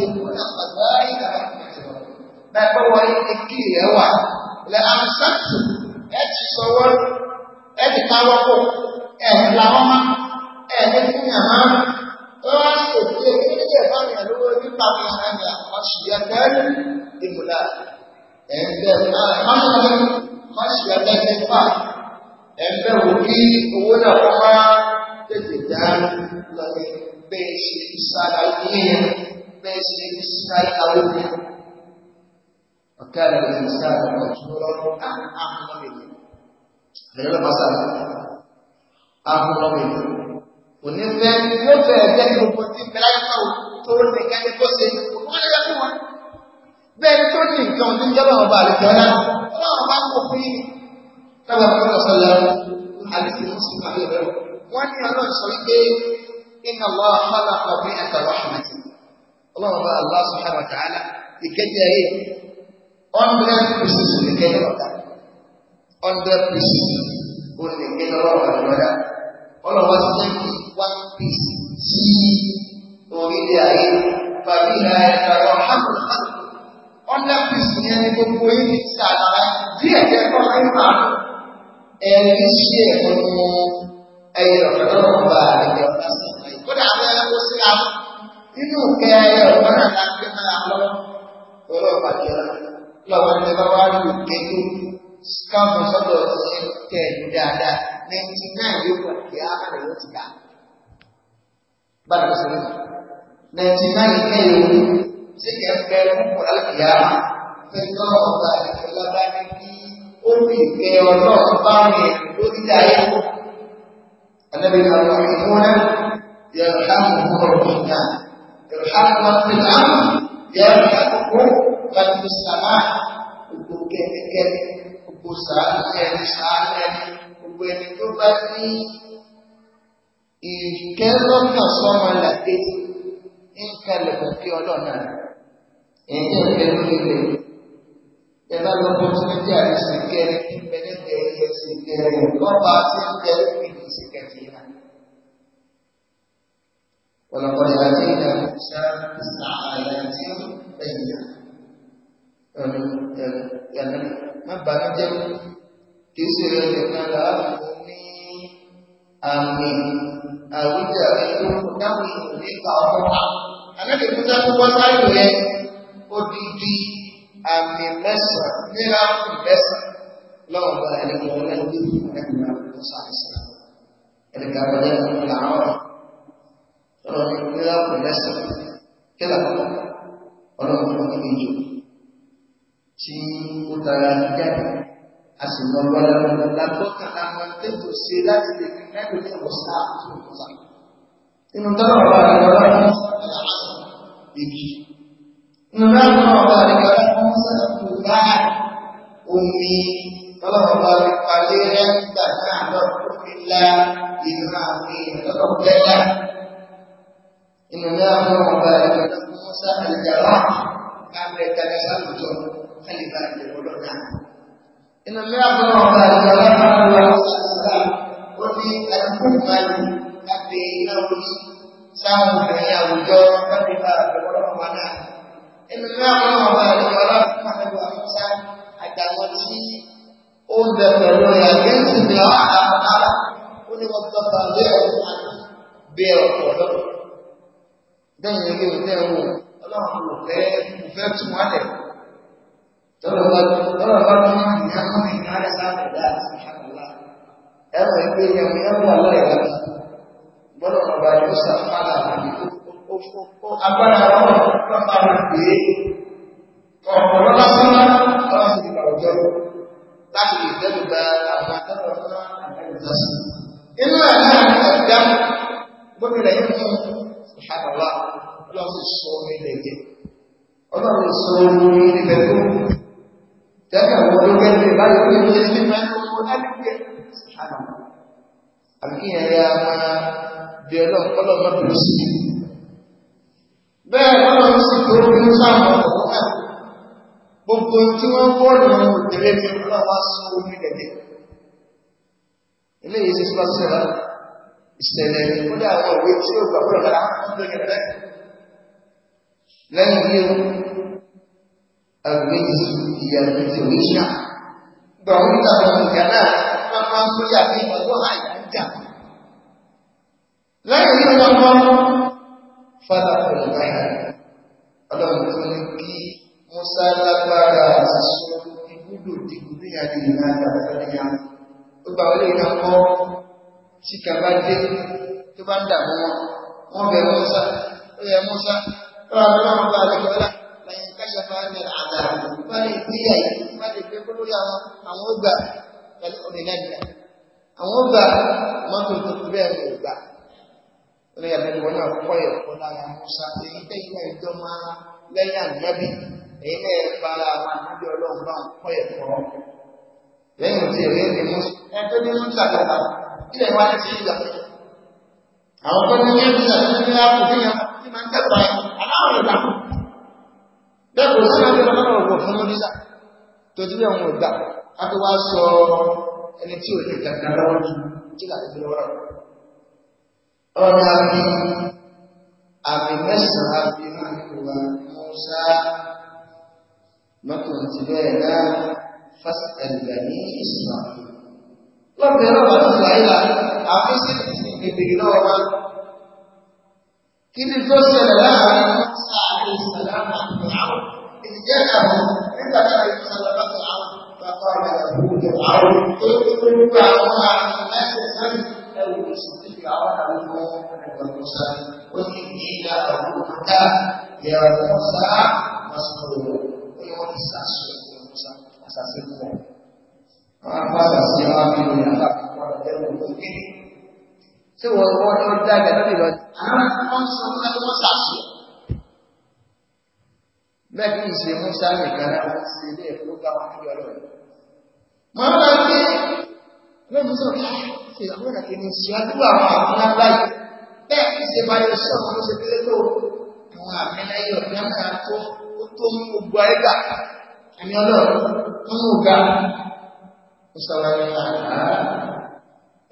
Speaker 2: tọ́wọ́ ní kí rẹ̀ wà lẹ́ àmsáàtì ẹ ti sọwọ́ ẹ ti káwọ́ pọ̀ ẹ̀ ń la wọ́n má ẹ̀ ní fún yàn má tó wá sí òkú ẹ̀ kí níjẹ̀ bá mi àlówó nípa mi ara mi àwọn ṣìyà bẹ́ẹ̀ ìmùlá ẹ̀ ń bẹ̀ máṣe máṣe ẹgbẹ́ nípa owó náà wọ́n tètè dá lọ́yẹ̀ bẹ́ẹ̀ ṣe ìsára ilé yẹn bẹ́ẹ̀ ṣe ìsára ìkàwé وكان الإنسان مجبورا أن أعمل به غير المسألة أعمل به onífẹ́ yóò fẹ́ jẹ́ kí gbogbo tí bẹ́ẹ̀ náà tó ní kẹ́ni kó ṣe òkú lè fún wọn. bẹ́ẹ̀ tó ní nǹkan tí jẹ́ lọ́wọ́ bá àlejò ọ̀la ọlọ́run bá ń kó fún yìí. tábà fún ọ̀sán lọ àlejò ló sì máa yẹ̀wò. wọ́n ní ọlọ́run sọ wípé iná lọ àfọlọ́pọ̀ bí ẹ̀ka wàhálà ti. ọlọ́run bá aláṣọ àbàtà àlá ìkẹ́jẹ́ rẹ̀ hundred pieces in ò lè kẹ́yìn ọ̀dà hundred pieces ò lè kẹ́yìn All of us take one piece sí orílẹ̀ ayé bàbí but ẹ̀ka ọ̀ hàkùn hàkùn hundred pieces yẹn ni gbogbo yìí ti sàlàyé díẹ̀ díẹ̀ kọ́ ẹ̀ And ẹ̀rí ṣe ẹ̀kọ́ ní ẹyẹ ọ̀dọ́
Speaker 1: ọba ẹ̀yẹ ọba
Speaker 2: sọ̀rọ̀ kódà àwọn ẹranko sí àwọn nínú ìkẹ́ ẹyẹ ọ̀dọ́ náà láti gbé máa lọ ọlọ́ọ̀bà jẹ́ra. lawan ẹni itu kamu sudah sih tó ada sọ́dọ̀ ṣe dia ẹ̀yìn dáadáa ninety nine yóò wà kí á má lọ́wọ́ ti gbà. Báyọ̀ ló sọ̀rọ̀ ninety nine ilé ìwé ṣé kẹ́ ń bẹ púpọ̀ láti yá fẹ́tọ́ ọ̀gá ìfọ̀lá bá ní kí ó fi ìfẹ́ ọlọ́run bá rìn Bukan sàmà gbogbo kẹ́kẹ́kẹ́ gbogbo sàánù ẹni sàánù ẹni gbogbo ẹni tó bá ní ìkẹ́lọ́kàn sọ́mọ làkejì ń kalẹ̀ pẹ̀lú ọlọ́ọ̀nà ẹ̀yìn ẹ̀fẹ́ lórí rẹ̀ ẹ bá lọ bọ́ tí wọ́n jẹ́ àìsàn kẹrin ní pẹ̀lẹ́pẹ̀ ẹ̀yẹ sí kẹrin lọ́ba ولقد آتينا موسى تسع آيات بينات ẹ̀nà má bànújẹ́ kìí ṣe rẹ̀ nìkan láàbò ní àmì àwùjáre tó kù dáhùn nípa ọmọ wa. Àlejò tó dá tó wọ́n sáyò rẹ̀ odidi àmì mẹ́sàn-án nílá mẹ́sàn-án lọ́wọ́ bá ẹni tó wọlé ní ẹgbẹ̀rún àbúrò sáyẹ̀sán. Ẹni ká wọlé ní làwọn ọ̀rọ̀ ní nílá mẹ́sàn-án kí làwọn ọlọ́run tó ń gbé tí ó tara jáde a sì lọ lọ́la lọ́la gbọ́kàn láwọn tẹ́tò ṣe láti lè fi mẹ́rin ní ọ̀sán àti ọ̀sán. Inú tọ́lọ̀ bá rẹ̀ lọ́la ní ìjì. Inú tọ́lọ̀ bá rẹ̀ lọ́la ní ọ̀sán ìgbà omi tọ́lọ̀ bá rẹ̀ parí rẹ̀ kálíbà ìgbẹ̀rọ̀ náà. Inú mi àbúrò ọ̀gá ìgbà láti wá ṣàṣàrà ó ní àdúgbò ìmáàlú láti iná orí sáwọn obìnrin àwùjọ kálíbà ìgbẹ̀rọ̀ ọ̀gá náà. Inú mi àbúrò ọ̀gá ìgbà láti wá ṣàṣàrà àjàmọ̀ tí ó ń bẹ pẹ̀lú ìyàgbé ìsinmi àpárá ó ní wọ́n tọ́ta lé ọ̀gá bí ọ̀pọ̀ lọ́wọ́. Dẹ́yìn ilé ìdẹ́wò ọlọ́run kò fẹ́ tún wálẹ̀ tọ́lọ̀ bá tọ́lọ̀ bá tọ́ máa nìkan máa ń ká ẹ̀sà àbẹ̀dá àṣàkàlá ẹ̀rọ ìgbé yẹn ẹ̀rọ aláìlá gbọ́dọ̀ ọba yóò ṣàfàlà agbára ọ̀rọ̀ lọ́ta rẹ̀ pé
Speaker 1: ọ̀pọ̀lọ́ lásán lọ́wọ́ sí ìgbà
Speaker 2: òjò láti lè dẹ́nu gba àwọn akẹ́kọ̀ọ́ náà àgbẹ̀dẹ́sì. inú ẹ̀ náà ní ọ̀gá gómìnà yìí fún ìṣàkàlá ọlọ́run sọ omi ilẹ̀ yẹn ọlọ́run sọ omi ilẹ̀ tó Tẹ́lẹ̀ àwọn olókẹ́lẹ̀ báyọ̀ ní ilé sí mẹ́rin owó ẹgbẹ́ ṣàlà. Àbíkíyàn ya máa bí ọlọ́run kọ́lọ́ máa bẹ̀rẹ̀ sí i. Bẹ́ẹ̀ ọlọ́run sì tó ń sáwọn ọ̀pọ̀ gbogbo tí wọ́n bọ́ọ̀lù àwọn òtẹ̀lé ní ọlọ́run wá sọ orí dẹ̀dẹ̀. Eléyìí sì sọ sẹ́wà ìṣẹ̀lẹ̀ ìkúlẹ̀ àwọn òwe tí ó gbàgbọ́ Al-Mizzi ìyá ìrètí oníṣà. Gbà wọ́n nígbà tó ń gbà náà wọ́n máa ń sórí àfihàn ọjọ́ àyà ń jà. Lẹ́yìn ní ọjọ́ kan, Fádà pẹ̀lú báyà. Musa lágbára àti di ibùdó di ní ìyá ìrìn àjò àtàlẹ́yà. Ó gbà wọlé ìka kọ́ tí kàbá dé tó bá ń Musa, ó yẹ Musa, fẹ̀yìn káyà fáwọn àdá wọn ní ìpínlẹ̀ yìí wọn lè gbé kó lórí àwọn àwọn ọgbà pẹ̀lú òmìnira nìyà àwọn ọgbà mọ́tò tó fi bẹ́ẹ̀ wọ̀ gbà wọn yà bẹ́ẹ̀ wọn náà kọ́ ẹ̀kọ́ lára musa èyí tẹ́ ilé ẹjọ́ máa lẹ́yìn ànábì èyí náà ẹ̀ fara àwọn ànábì ọlọ́run bá ń kọ́ ẹ̀kọ́
Speaker 1: lẹ́yìn tí èyí ni
Speaker 2: musa ẹ̀ tó ní musa lọ́la ilẹ̀
Speaker 1: wa
Speaker 2: bẹ́ẹ̀ kò sí àti ọlọ́rọ̀ ọ̀pọ̀ fún mọ́dísà tó ti àwọn ọ̀gbà a fi wá sọ ẹni tí ò ní gàgà lọ́wọ́ ní tí láti fi lọ́wọ́ ọ̀rọ̀ àmì àmì mẹ́sàn-án àfi máa mọ́sá mọ́tò ti bẹ́ẹ̀ náà fásitì ní ìsìnà
Speaker 1: lọ́pẹ̀ lọ́pàá tó wà ìlà àfi sí
Speaker 2: ìgbègbè náà wá kí ni tó ṣẹlẹ̀ láàárín mọ́sá àti ìsàlámà àwọn إنه عندما يتصرف فرعون فقال له فرعون اذكر فرعون على الناس من لو يصدق فرعون بالمؤمن موسى وإني لأقول يا موسى مسرور ويوم استعصي موسى أساسي Masa siapa yang menyatakan kepada dia untuk ini? Sebuah orang yang berdagang tadi, anak-anak Musa, anak-anak Musa, bẹ́ẹ̀ kí n ṣe musa nìkan náà wọ́n ṣe ilé ẹ̀kọ́ bá wọn níjọ lọ. mọ ń lọ sí lónìí sọ ah, ṣe àwọn àti ní ṣe àdúgbò àwọn àmì ńlá yìí bẹ́ẹ̀ kí ṣe máa yọ sí ọmọ ló ṣe délé tó àwọn àmì ńlá yìí ọ̀gá tó ó tó mú gbogbo ayé gbà àmì ọlọ́run tó mú ga ó sọ̀rọ̀ ayé náà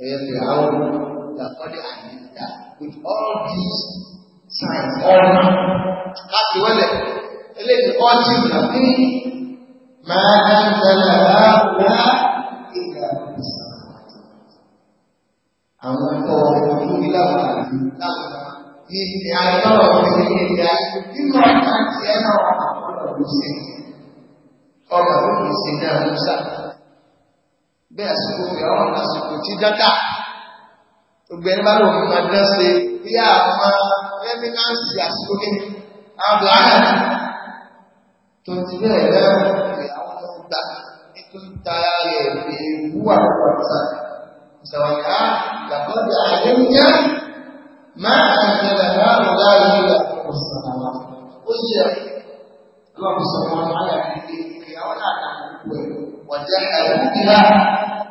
Speaker 2: ẹ̀yẹ fi àwọn ìdàkọ́lé àmì ìdá with all these signs ọ̀nà láti wẹ́lẹ̀ eléyìí ọtí tàbí máa ń tẹ̀lé àbúrá ìgbà ìsà. Àwọn ẹ̀kọ́ ìlú ìlànà àti ìlànà ìdí àìtọ́rọ̀ ìdí ìdí àìtọ́rọ̀ àti ẹ̀nà ọ̀pọ̀lọpọ̀ ìṣe. Ọmọ ìlú ìṣe ní àmúṣà. Bẹ́ẹ̀ sọ́kò fi àwọn àsìkò tí dáta. Gbogbo ẹni bá lòun máa dán bí àwọn ẹni máa ń ṣe àsìkò kí àwọn
Speaker 1: àgbà
Speaker 2: tòtí bẹ́ẹ̀ lẹ́wọ̀n ìyàwó ló ti gbà nítorí tara rẹ̀ lè wúwà pàtàkì ìṣàwọ̀ká làbọ́dà àyẹ̀wò máa àjẹlẹ̀ láàrú láàyè ìlà ọ̀sán àwọn ó ṣe ọlọ́run sọ̀rọ̀ wọn máa yàrá ìyàwó náà
Speaker 1: nà kúkú ẹ̀ wọ́n jẹ́ ẹ̀rú kíra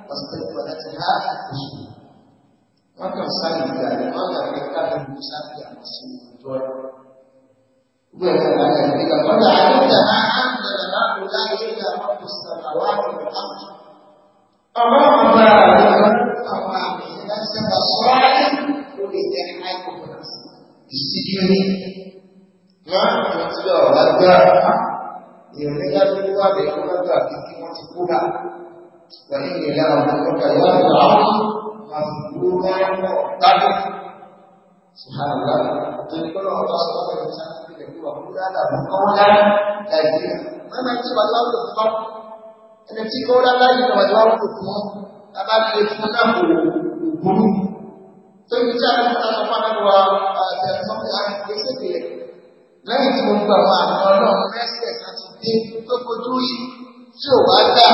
Speaker 1: wọ́n ti
Speaker 2: tẹ̀lé ọ̀dà wọ́n kàn sáà ìgbà rẹ̀ wọ́n kàn لقد علمت ما أنزل هؤلاء إلا رب السماوات والأرض أمام أمامي نفسك صاعد قل إن حيكم استديوني ما كنت له هذا يملك الله بكم هذا بكم تقولا وإني لا أملك يا العظيم مظلوما
Speaker 1: مرتبط Subhanallah.
Speaker 2: Jadi kalau Allah SWT bersama kita dua muda ada kawalan lagi. Memang itu Allah berfirman. Ini jika orang lain yang berjawab hukum, apa dia punya hukum? Tapi bicara kita kepada dua dan sampai akhir kisah dia. Lain itu membawa Allah mesej satu tim untuk peduli. ada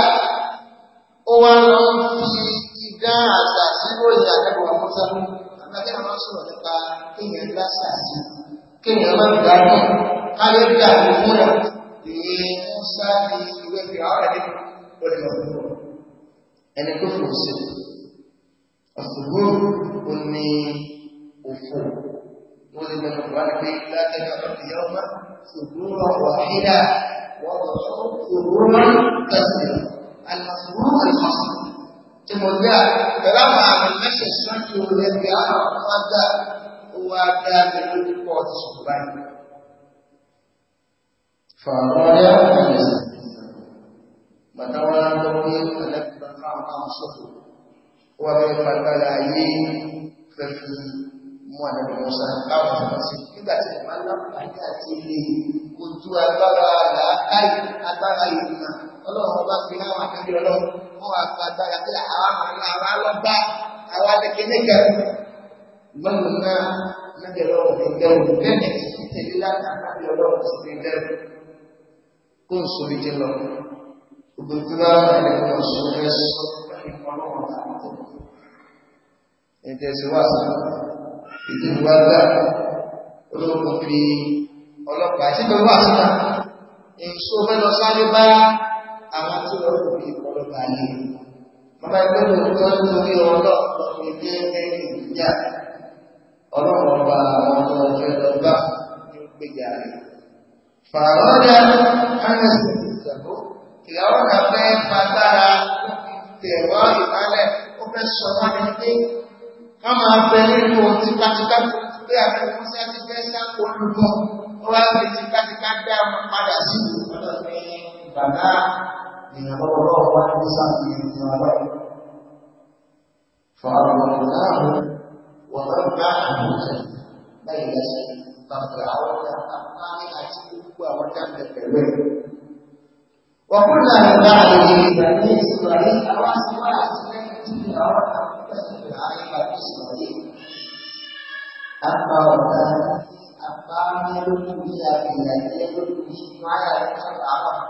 Speaker 2: orang si tidak asasi boleh ada dua musuh nígbà tí àwọn sọ̀rọ̀ nípa kéèyàn lásà sí kéèyàn má gbádùn káyọ̀ bí àwọn múra ìwé musa ní ìwé fi àwọn ẹ̀dẹ́ ọ̀dẹ̀ ọ̀dọ̀ ẹni tó fò sí ọ̀ṣùgbọ́ òní
Speaker 1: òfò wọ́n ti gbẹ̀mọ̀ wá ní pé láti ẹ̀ka ọ̀dẹ̀ yọ̀ ọ̀ma
Speaker 2: ṣùgbọ́n wàhídà wọ́n tó ṣùgbọ́n kẹsì àlùfáà tìmọ̀lẹ́à pẹ̀lú àwọn àmì mẹ́sẹ̀ sọ́ọ̀tì olóògbé àwọn ọ̀gá owó adá ní lórí pọ́ọ̀tù ṣùgbọ́n. Fàrọ̀lẹ́ àyẹ̀sẹ̀ bàtà wọn lọ pé ẹlẹ́kùnrin fáwọn fáwọn sọ́tò wọ́n fẹ́ fagbára ayé fẹ́ fi mú àdàbọ̀ mọ́sá káwọn fẹ́ sí nígbà tí ìmọ̀ aláǹfààní àti ilé ojú agbára làákàyè agbára ìrìnà ọlọ́run ọba fi láwọn akẹ́kọ̀ọ́ ọlọ́run wọn wà fún agbára pé àwa máa ń àwa lọ bá kan lọ́nà náà níbi ọlọ́run ti dẹ́rù bẹ́ẹ̀ sì tẹ̀lé látàkà bí ọlọ́run ti ti dẹ́rù kó n sori jẹ lọ gbogbo tí wọn bá lè fún ọsọ fẹ́ sọ ọlọ́run àti ìtẹ̀síwájú ìdíwájú olóògùn fi ọlọ́pàá ṣé pé wọ́n àti náà èso fẹ́ lọ sáré bá àwọn tí wọ́n kò fi ọ̀rọ̀ báyìí. Bàbá ẹgbẹ́ mi tó ń torí ọlọ́ọ̀tọ̀ mi ní ẹ̀yìn ìjà.
Speaker 1: Ọlọ́run ọba àwọn ọmọ ọjọ́ ìjọba
Speaker 2: ní gbèjà rẹ̀. Fàrọ́dà Hánẹ́sì ìjàbó, ìyàwó kan fẹ́ fagbára tẹ̀wọ́ ìbálẹ̀, ó fẹ́ sọ wọ́n ní pé ká máa bẹ nínú tipátipá pé àbí Musa ti fẹ́ sáko lùkọ́, ó wá fi tipátipá dá wọn padà sí ìlú menyabar Allah wahai Musa menyabar فأرضناه وتركعه الجنة بين تركعون أمام أجيب وكان الدوين وقلنا من بعده بني إسرائيل أواس أواس لكن أواس تسجد عليه بني إسرائيل أما وكان أمام يلقي إلى بلاد يلقي ما يلقي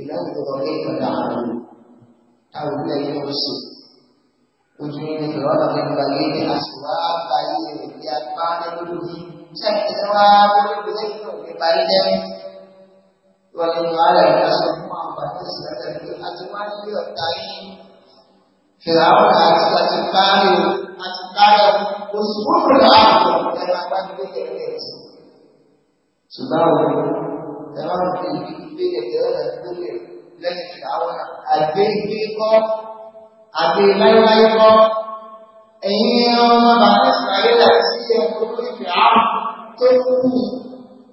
Speaker 2: ìlà ìgbọ̀gbọ̀ ìgbàdà àrùn táwọn ilẹ̀ yìí wọ́n sì ojú ní ìrọ̀lọ́ nípa yìí ní àṣùwà àbáyé rẹ̀ bí apá nínú yìí sẹ́yìn wá lórí lẹ́yìn nípa ilẹ̀ wọn ni wọn rẹ̀ ń sọ fún àwọn bàbá ìsìlẹ̀ pé a ti wá nílé ọ̀tá yìí fìràwọ̀n àti àti تمام في بين الجوانب الدنيا لكن فرعون البيت بيقى àti láíláí kọ́ ẹ̀yìn ọmọ bàbá ìsìnàyẹ́lá sí ẹ̀kọ́ lórí fìhá tó kú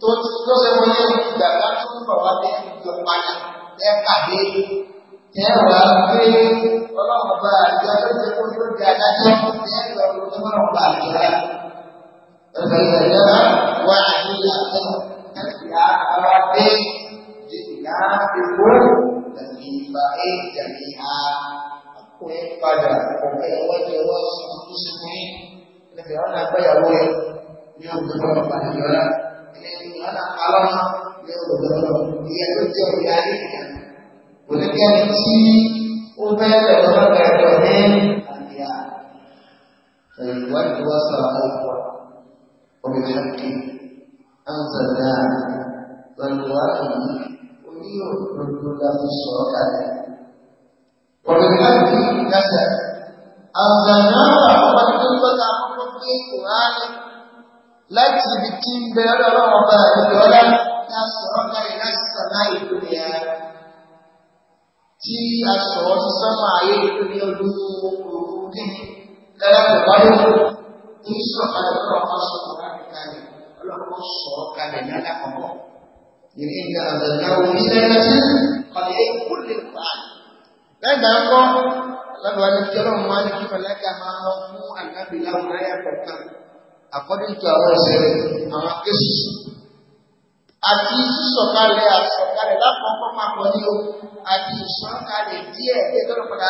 Speaker 2: tó ti tó lẹ́wọ́n yẹ́ ìgbà láti fún bàbá tẹ́ fi jọ padà lẹ́pàdé tẹ́wà pé ọlọ́run bá àjọ tó ti kó tó di adájọ́ tẹ́wà tó tó mọ̀ràn bá àjọ rẹ̀. Ẹ̀fẹ̀ ìgbàlẹ́ wa àti ìyá tẹ́wà. Ketika Rabbi Jika Dibur Lebih baik jadinya Aku pada Oke Allah Jawa Satu Sungai Ini apa ya Ini yang pada Jawa Ini anak Ini yang Dia kerja Dia Boleh dia ngisi Ubel Jawa Jawa Jawa Jawa Jawa وبالحق أنزلنا فالواحد وليه رجل في الصلاة ومن هذه كذا أنزلنا رحمة فتعمل في قرآن láti ibi tí ń bẹ ọlọ́run ọba àdìgbọ́lá ní asọ̀rọ̀ láì láti sàmá ìlú ni a tí asọ̀rọ̀ ti sọ́mọ ayé ìlú ní ọdún òru kí ẹlẹ́kọ̀ọ́ wáyé ní sọ̀kalẹ̀ fún ọmọ sọ̀rọ̀ láti kalẹ̀ ọlọ́run sọ kalẹ̀ ní alákọ̀ọ́kọ́ ìní ìgbà ọ̀dọ̀dọ̀ omi lẹ́yìn tí kọ̀lẹ́ ìkó lè pa á.
Speaker 1: lẹ́gbà ń kọ́ lọ́dọ̀ wani tí ọlọ́run máa ń kí
Speaker 2: mọ̀lẹ́kà máa lọ fún ànábì láwọn ayé kọ̀ọ̀kan according to àwọn ìṣẹ̀lẹ̀ àwọn kéṣì. àti sísọ̀kalẹ̀ àsọ̀kalẹ̀ lákọ̀ọ́kọ́ máa kọ́ ní o àti ìsọ̀kalẹ̀ díẹ̀ díẹ̀ tó lọ́pàá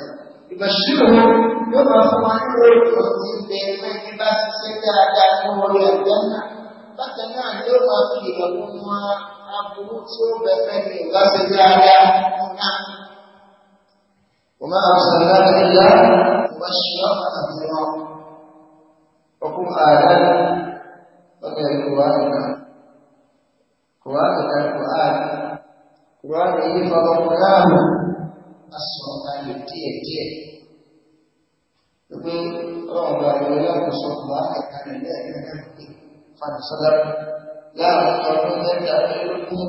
Speaker 2: يبشرهم يبقى فمانه يحسن بينهم بس سكا كانوا يهدمنا فكنا يبقى في لكم أبوك بفني بس سكا وما أرسلناك إلا مبشرا ونذيرا وقرآنا وكان قرآنا قرآن كان قرآن قرآن إيه فضلناه asọ̀kalẹ̀ díẹ̀díẹ̀. Gbogbo ọlọ́run bá lọ lákòóso fún akẹ́kọ̀ọ́ lẹ́ẹ̀kẹ́kẹ́ fanisọ́lá láàrin ọdún mẹ́ta lélógún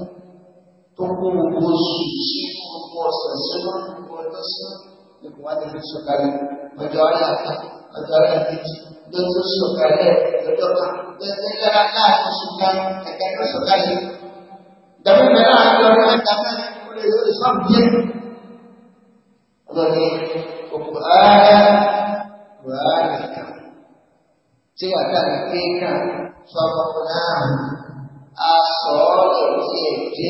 Speaker 2: tó kó gbogbo oṣù sí gbogbo ọ̀sẹ̀ sínú gbogbo ọjọ́ sínú nípa wá níbi sọ̀kalẹ̀ ọjọ́ aláàfin ọjọ́ aláàkejì lọ́jọ́ sọ̀kalẹ̀ lọ́jọ́ kan lọ́jọ́ yára láàrin sọ̀kalẹ̀ ẹ̀kẹ́ lọ́sọ̀kalẹ̀. Dàbí mẹ́ta àti ọdún mẹ́ta mẹ́rin kúrò yóò sọ̀rọ̀ ọlọ́ni òkú ààrẹ buhari kan tí àtàrí pé kan asal asọ̀ọ́lẹ̀ tí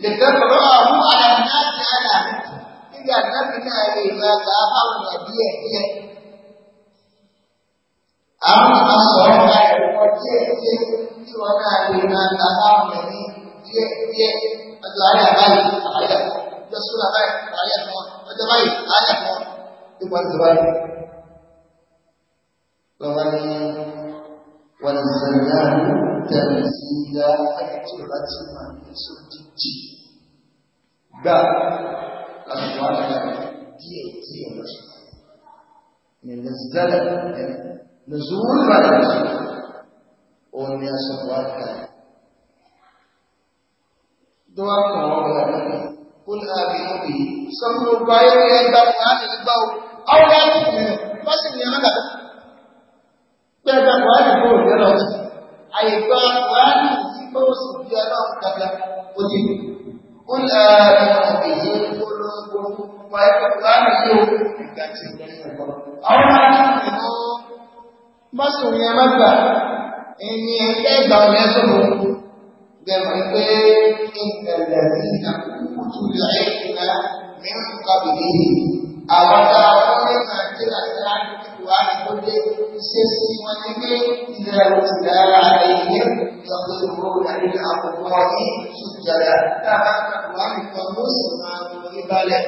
Speaker 2: perlu dín ada tẹ́kọ̀ọ́ àwọn àyànnáàtì àyànnáàtì nígbà náàbì náà lè máa gbà fáwọn èèyàn díẹ̀ díẹ̀ àwọn asọ̀ọ́lẹ̀ àyẹ̀wò díẹ̀ díẹ̀ tí wọ́n náà lè máa gbà fáwọn èèyàn díẹ̀ ọjọ́ báyìí ayé kan nípa ti báyìí. Bàbá ni wọ́n ti sẹ̀rẹ̀ náà tẹ̀lé sí ilá àti láti máa ní ẹ̀sọ́ jíjì. Gbà láti wá kalẹ̀ díẹ̀ díẹ̀ lọ́sọ̀. Nìlẹ̀sídẹ́lẹ̀ nìzúwú ìbàdàn lọ́sọ̀. Òun ni a sọ̀rọ̀ wá kalẹ̀. Dọ́wọ́ kan wọ́n wọ́n kó ní àbí níbi yìí ìsọfún orúkọ ayẹyẹ ẹgbà kùránì nígbà o àwọn láti yẹn wọ́n sì ní ọ̀nà pé ẹgbà kùránì kò rí ọ̀nà ọ̀tún àyègbà kùránì tí kò sì bí ọlọ́run kàkà ó ti ó lè èyí olóńgbò wà ẹgbà kùránì yóò ìgbà tí ìgbà yẹn kọ. àwọn láti yẹn mọ́ bá sì rí ẹmọ من قبله أولا أولما كلا كان القرآن كل سيسي ونبي إذا يتلى عليهم يخرون للأقوال سجدا كما القرآن فمسمى قبله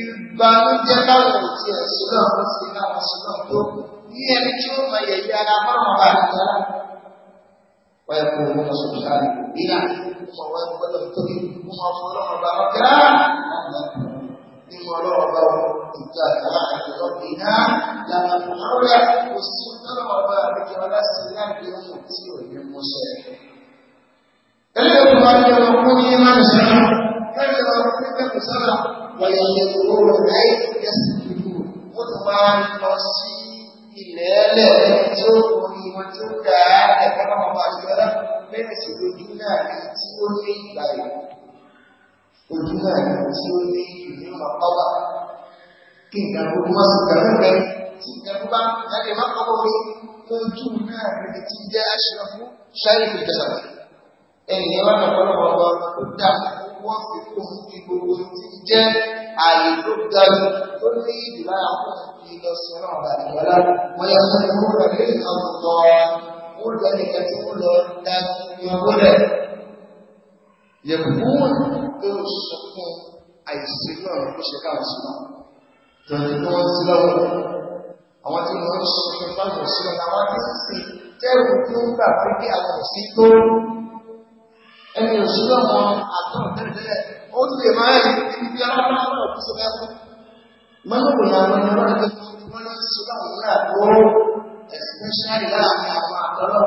Speaker 2: ìbànújẹ́ láwọn òtí ẹ̀sùn náà wọ́n ti láwọn ẹ̀sùn náà tó ní ẹni tí ó mọ ẹ̀yẹ yára máa bá nìyá wọ́n yẹ kó o mọ̀ sọ̀rọ̀ sáré ìlà ìfọwọ́ ẹgbẹ́ lọ́tọ́ nípa ọlọ́run bá wọn ìgbà láàrin ọ̀gbìn náà lànà fúnra kò sí ọlọ́run bá àgbẹ̀jọ aláṣẹ láàrin ọ̀hún tí ò ní mú ṣẹ. ẹlẹ́yìn tó bá ní ọkùnrin ní máa ń ṣẹlá lẹ́yìn ọ̀rọ̀ ní kẹ́kọ̀ọ́ sábà wọ̀nyẹ̀ ìdòwò rẹ̀ láì kẹ́sì dúdú ó ti wá lọ sí ilẹ̀ ẹlẹ́ tí ìgbà ojú náà tí ó ní ìlú ọ̀pọ̀pọ̀ kí nǹkan gbogbo wọn sì gbà fún kẹrin tí nǹkan gbogbo bá lè má kọ́kọ́ pé ojú náà níbi tí jẹ́ aṣọ fún ṣáyé fi jẹ̀dọ̀ ẹnìyẹn wà lọ́pọ̀ lọ́pọ̀ ó dà wọ́n fi kún ti gbogbo tí jẹ́ ààyè tó ga jù tó ní ìdìbò àwọn ìlọ sọ̀rọ̀ àbàdìwọ́lá wọ́n yẹ kó ní wọ́n rẹ̀ lé àwọn lọ nìkan tí wọ́n lọ dájú ní ọgbọ́n tó ń sunkún àìsí lọ́rọ̀ tó ṣe káàsì náà tòun ni wọ́n sí lọ́rọ̀ àwọn tí wọ́n ń sunkún báwọn sí ọ̀nà àwọn tí sì jẹ́rù tó ń gbà pé kí àwọn sí tó ẹni òṣìṣẹ́ ọmọ àtọ̀ tẹ́lẹ̀ ó lè máa ń rí bí ọlọ́pàá náà kó sọ fẹ́ fún àwọn ọmọ ẹgbẹ́ tó ń wọ́n lọ́n sí láwọn náà tó ẹ̀sìnṣẹ́lì láàrin àwọn àtọ́lọ́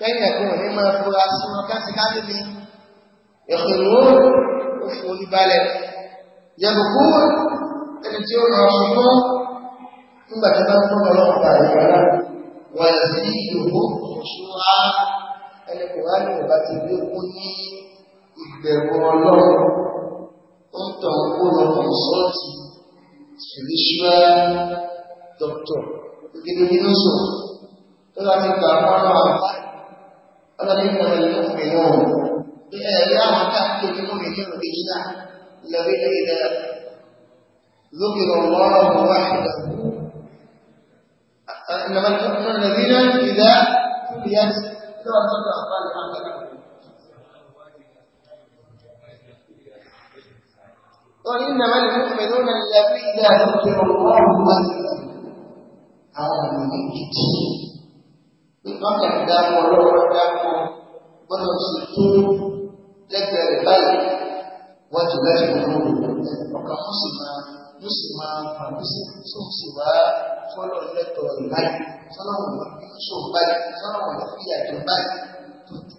Speaker 2: lẹ́yìn ẹ̀kọ́ ní máa fura sí wọn kásíkásí ni يخرون وفون بالẹ̀ يبكون ẹni tí ó rọ ṣùgbọ́n nígbà tí bá fún ọlọ́pàá ìrọ̀lá wà sí ìlú ṣúra ẹni kò wá ní ìbá ti bí ó ní ìbẹ̀rù ọlọ́run ó ń tàn kó lọ kọ̀ǹsọ́ọ̀tì spiritual doctor gẹ́gẹ́ bí ló sọ tó láti gbà wọn náà ọlọ́dún kan ní يعرف تحكمون كما بإجماع الذين إذا ذكر الله وحده إنما المؤمنون الذين إذا تليت سورة الأطفال عندك قال إنما المؤمنون الذين إذا ذكر الله وحده على
Speaker 1: ملكته
Speaker 2: من قبل أن تدعموا الله وتدعموا ولو lẹ́gbẹ̀ẹ́ rẹ̀ báyìí wọ́n ti láti fún un ọkàn ó sì máa ó sì máa gbà ó sì tó sì wá fọ́lọ̀ lẹ́tọ̀ rẹ̀ báyìí fọ́lọ̀ wọn fi ṣò báyìí fọ́lọ̀ wọn fi àjọ báyìí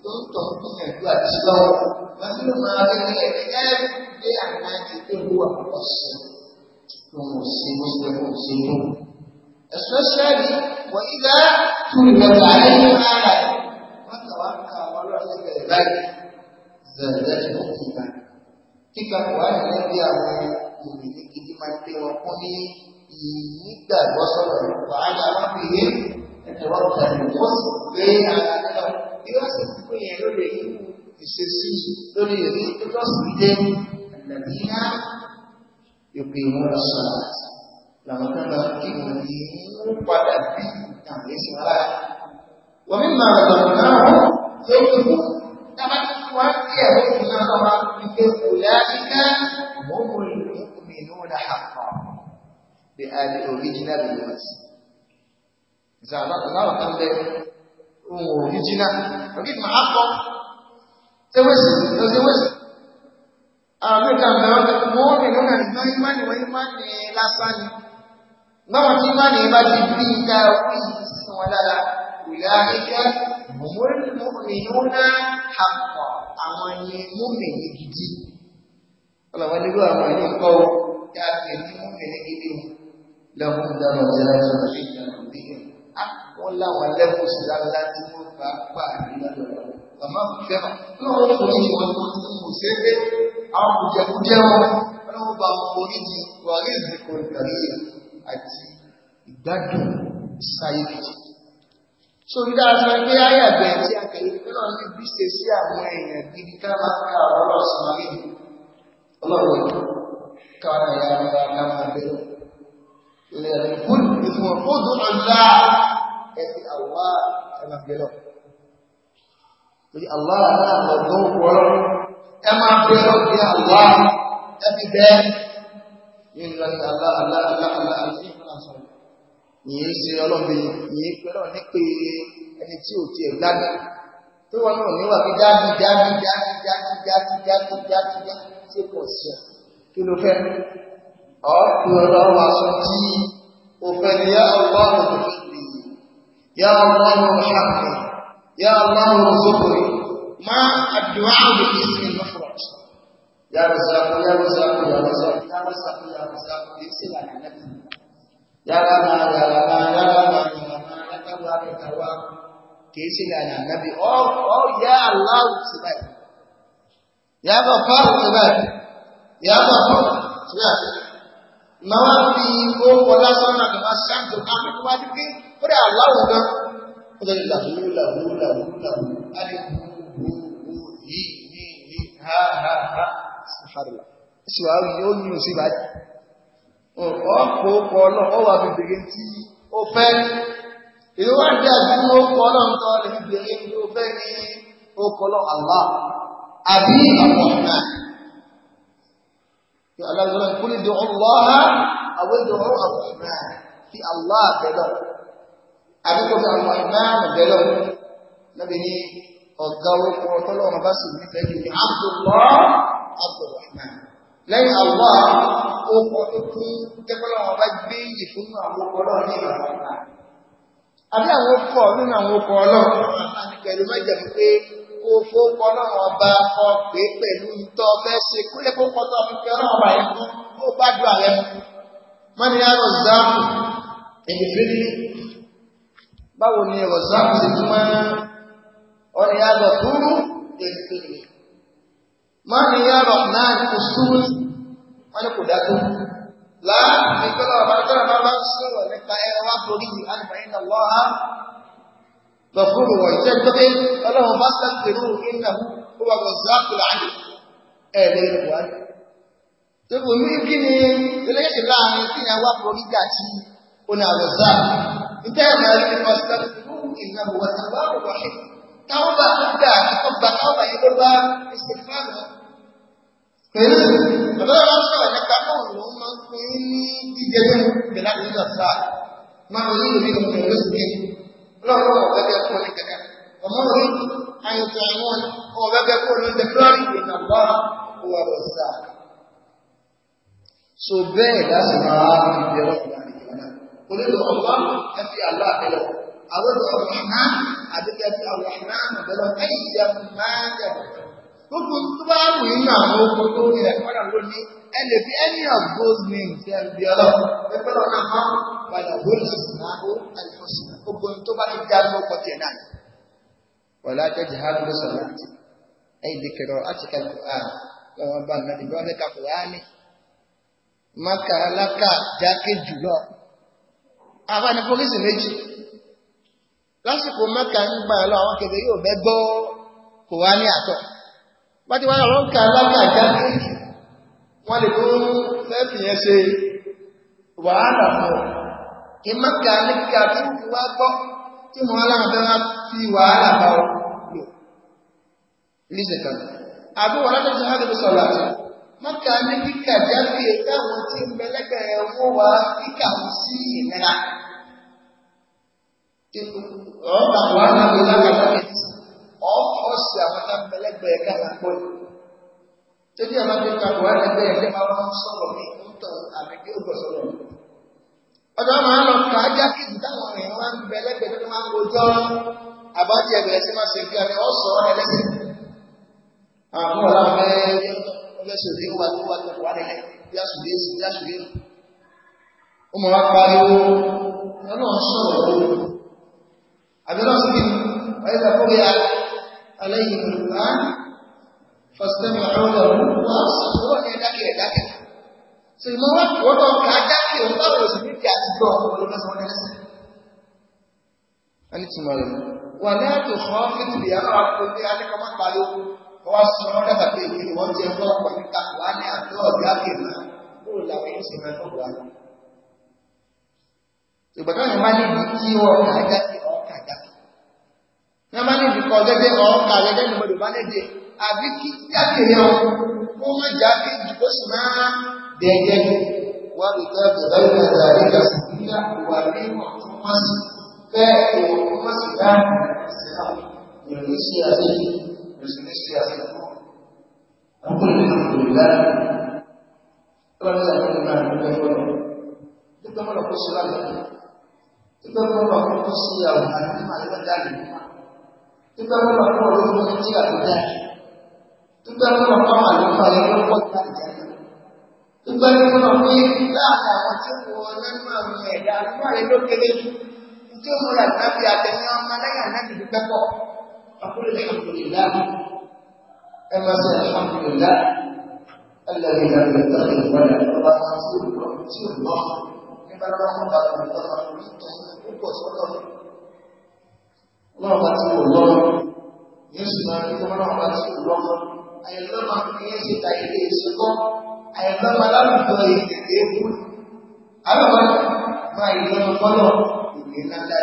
Speaker 2: tó ń tọ́ gbìyànjú àti lọ́wọ́ wọ́n fi ló máa rí ní ẹni ẹ́rù pé àwọn àti pé ó wà ọ̀sẹ̀ tó ń ṣe bó ṣe kó ṣe tó. especially wọ́n ìdá tó ìbẹ̀rẹ̀ àlẹ́ yìí máa rà wọ́n kà wá kà wọ́n lọ́ọ́ dan dari Jika orang yang dia memiliki iman teroponi ini dan wasallam kepada Rabbihi tawakkal wasbi ala Allah. Dia sesungguhnya oleh ilmu sisi dari itu tasbih alladzina yuqimuna shalat. Lawan lagi ilmu pada bintang ini salah. Wa mimma rabbana yaqulu ويهز نظرا أولئك هم المؤمنون حقا بآل original universe إذا الله كان به original forget my حقا Say west, no say west.
Speaker 1: Àwọn ìgbà mẹ́wọ́n tó mọ́ ìlú náà ní
Speaker 2: ìmáni wọ́n ìmáni lásán ni. Báwọn tí ìmáni bá ti bí ìdá òkú yìí sí wọn lára, ìlà ìjẹ́ mọ̀mọ́rin mọ́rin yóò náà hàpọ̀. àwọn ẹni múmìnì gidi ọlọ́wọ́ nírú àwọn ẹni kọ́ ọ yá pé ní múmìnì gidi lẹ́kùn dáná jẹ́rẹ́ sọ̀rọ̀ sí ìjọba òbí á wọ́n láwọn lẹ́kùn sí lálá tí wọ́n bá pa
Speaker 1: àdúrà lọ́wọ́ bàmá kò fẹ́ràn ọlọ́wọ́ forí ni wọ́n tó ní kò ṣe é pé àwọn kùjẹkùjẹ wọn ọlọ́wọ́ bá wọn forí ni wọ́n rí ìdíkọ̀
Speaker 2: ìgbàlẹ́ àti ìgbádùn sáyé gidi so bí dáadáa pé ayàgbẹ́ tí a kàyé pẹ́lọ́ ní bí ṣe sí àwọn èèyàn gidi ká máa ń ka ọ̀rọ̀ ọ̀sán yìí ọlọ́run káwọn ẹ̀yà ara ká máa bẹ̀rẹ̀ lẹ́rìn fún ìfún ọdún ọ̀la ẹ̀sìn àwa ẹ̀ máa bẹ̀rẹ̀ lórí àwa náà lọ́dún wọ́n ẹ máa bẹ̀rẹ̀ bí àwa ẹ fi bẹ́ẹ̀ nínú ìlànà àlá àlá àlá àlá àti ìfúnná sọ̀rọ̀ yìí ṣe ọlọ́mọdé yìí pé náà ní pé ẹni tí ò tiẹ̀ gbádùn tó wọn náà níwà pé dájú dájú dájú dájú dájú dájú dájú dájú ṣe pọ̀ sí ọ kí ló fẹ́ ọ kí ọlọ́run aṣọ tí o fẹ́ ni yá ọlọ́run tó fi lè yá ọlọ́run ṣàpè yá ọlọ́run sókòrè má àdúrà òde kí sí ní fúrọ̀tì.
Speaker 1: Yàrá sáfù yàrá sáfù yàrá sáfù
Speaker 2: yàrá sáfù yàrá sáfù kì í sí ìlànà ẹ̀dẹ́gbẹ̀rún
Speaker 1: yálàmà yálàmà yálàmà yálàmà
Speaker 2: látàwà kẹtàwà kìí sí ìlànà ànábì ọ yá aláwù sí báyìí yá bọ̀ fáwù sí báyìí yá bọ̀ fáwù sí báyìí màá fi owó lásán náà kàmá sáǹtò káàmì tó wá dídí ó dé aláwù gan ó dé làwù làwù làwù làwù ha ha ha sàfàrìlà sùwàá yóò ní ọ̀pọ̀ ọkọ̀ ọlọ́run ó wà fi bèrè tí ó fẹ́
Speaker 1: ìwádìí àbí
Speaker 2: ọkọ̀ ọlọ́run tó lè fi bèrè tí ó fẹ́ ní ọkọ̀ ọlọ́run àlá àbí àwọn ọ̀nà tí aláàzọ́lá ń kúrò ìdí ọlọ́ha àwọn ìdí ọ̀rọ̀ àwọn ọ̀nà tí àlá àbẹ̀lọ́ àbí kò fi àwọn ọ̀nà àbẹ̀lọ́ lọ́bẹ̀ ní ọ̀gá orúkọ ọlọ́run bá sì nífẹ̀ẹ́ lẹ́yìn àwọ̀ ọkọ̀ tó kú tẹ́kọ́lọ́wọ́ bá gbé yìí fún àwọn ọkọ̀ ọlọ́run ní ìlànà àbí àwọn ọkọ̀ nínú àwọn ọkọ̀ àti pẹ̀lú pé kó fọ́kọ́ ọba kọ pé pẹ̀lú kó lè tó ọba yẹn bá mu báwo ni rọ̀ máa ní yá rahman kùsùn wọn ni kò dájú láàbí tọ́lá ọba tọ́lá bá bá sọ̀rọ̀ nípa ẹran wá torí yìí á nípa iná wọ́n á lọ́kùnrin wọ̀ ìṣe gbọ́dé ọlọ́run bá sá pẹ̀lú iná ó wà lọ zá pẹ̀lú àyè ẹ̀ lẹ́yìn buhari. tóbi ni eléyìí láàrin ni a wá torí yìí àti oní àlọ́ zá. níta ẹ̀
Speaker 1: máa rí nípa sá
Speaker 2: pẹ̀lú iná wọ́n ti wá rọ̀ táwọ́bà tó gbà ọgbà táwọ́bà yìí ló bá kalau pẹ̀lú ọ̀dọ́dọ́ bá sọ̀rọ̀ nípa bóun ló máa ń fún yín ní jíjẹ tó gbè láti ní ọ̀sà máa ń lórí ọkùnrin ló sì ké lọ́wọ́ ọ̀gẹ́gẹ́ fún ní kẹ̀kẹ́ ọmọ orí àyùntàn àwọn ọ̀gẹ́gẹ́ fún ní ọ̀dẹ́ fúlọ́rì ìnàbọ̀ òwò ọ̀sà so bẹ́ẹ̀ láti máa ń àwẹ̀dọ̀ Ar-Rahman àdìgẹ́ bí Ar-Rahman ọ̀dọ́lọ́ ẹ̀yẹ máa dẹ̀bọ̀. Gbogbo tó bá wù yín náà ló kó tó ní ẹ̀ padà any of those names ẹ̀ bí ọlọ́run. Ẹ gbọ́dọ̀ náà máa padà lórí ìsìnkú àìfọ̀sùn. Gbogbo tó bá ti dá lóko tiẹ̀ náà. Wọ̀lá jẹ́jẹ́ ha ló sọ̀rọ̀ àti ẹ̀yìn dìkẹ̀rọ̀ àti kẹ̀kọ̀ à lọ́wọ́ bá nàbí bí wọ́n fẹ́ kakọ̀ wá ní. Mákàlákà jákè jùlọ. Àbáni pólísì méjì lásìkò mẹ́ka ń gbà lọ àwọn kẹfẹ́ yóò bẹ́ gbọ́ kò wá ní àtọ̀ pátí wá lọ́n ka lákàjá wọ́n lè tó fẹ́ fìyẹn ṣe wàhálà fún ọ kí mẹ́ka ní kí a tún ti wá gbọ́
Speaker 1: tí mo aláwọ̀ fẹ́ wá fi wàhálà bá ọ
Speaker 2: lò lísè kan àbí wàhálà tó ti hàbí sọ̀rọ̀ àti mẹ́ka ní kíkàjá fi èyí táwọn tí ń bẹ lẹ́gbẹ̀ẹ́ wọ́n wá kíkà sí ìnira ọ̀ọ́ta wà láti lákàtà kìtì ọ̀ọ́ sí àwọn tá mẹlẹ́gbẹ̀ ẹ̀ka àpọ̀ yìí tẹ́jú ẹ̀ máa ń ka wà lẹ́gbẹ̀ ẹ̀ máa wọ́n sọ̀rọ̀ ní ìtọ̀ àbí kí ó gbọ̀ sọ̀rọ̀ ní. ọ̀dọ́ máa ń lọ ka ajá kìtì táwọn èèyàn máa ń bẹ lẹ́gbẹ̀ẹ́ tó máa ń gbójọ́ àbájẹ́ ẹ̀bẹ̀rẹ̀ sí máa ṣe kí ọ sọ ẹlẹ́sìn àwọn ọ̀làwọ̀ ẹlẹ́sìn òde wà tó wà tó wà nílẹ̀ bí sùn dé sí bí sùn dé nù. ó pariwo ọlọ́run sọ̀rọ̀ lórí أبرسهم وإذا قرئ عليهم القرآن فاستمعوا له وأصغوا إلى كذلك سيما وضعوا كعدك وضعوا سبيل كعدك ولما سوى نفسه أنت مالك ولا تخافت بأرعب كل ذلك ما قالوا wọ́n sọ wọ́n dàgbà pé ìpín ni wọ́n jẹ́ wọ́n pọ̀ níta wà ní àjọ ọ̀gá àgbèmá lóòrò làwọn yóò sì máa tọ́gbà lọ. ìgbàdàn yìí máa ní ibi tí wọ́n kà á jáde nàmá ní ìdíkọ̀ gẹ́gẹ́ ọ̀ọ́kà gẹ́gẹ́ ní gbọdọ̀ bá lẹ́dẹ̀ àbí kí jáde yẹn kó má jà kí ìdìbò sì máa dẹ̀ẹ́dẹ́ wà ní kẹ́kọ̀ọ́ báyìí náà dàrí ìjà sí nígbà wà ní ọ̀túnmọ́sí bẹ́ẹ̀ ìwọ̀ntúnmọ́sí dá ìsìlámù ìrìnsí àṣejù ìrìnsí àṣejù. أقول الحمد لله ولا أقول ما أقول Kita melakukan selalu. Kita melakukan siapa? Kita melakukan dari dúpẹ́ fún ọmọ náà ló mú tí àti dáàkì dúpẹ́ fún ọmọ náà ló fa ẹgbẹ́ pọ̀ ní àjẹ́lẹ̀ dúpẹ́ fún ọmọ pé
Speaker 1: láàrin àwọn tí
Speaker 2: kò wọ nínú àwọn ẹ̀dá fún àrẹ ló kéré tí ó múra náàbí àtẹ̀yìn ọmọ lẹ́yìn ànáàbì dúpẹ́ pọ̀ ọkùnrin alhamdulillah ẹ máa ṣe alhamdulillah alẹ́rìí láti ìtàkì ìwádìí ọba tí ó lọ tí ó lọ nígbà tó ń bá ọmọ tó ń bọ̀ sọ́dọ̀ ọlọ́run bá ti wò lọ́rùn yóò sì máa rí ọlọ́run bá ti wò lọ́rùn àyẹ̀lọ́mà ní yẹn ti ta ilé ìṣẹ́kọ́ àyẹ̀lọ́mà lálùjọ ìdèdè kú alọ́mà máa ìlọ́mà kọ́lọ̀ ìwé ńláńlá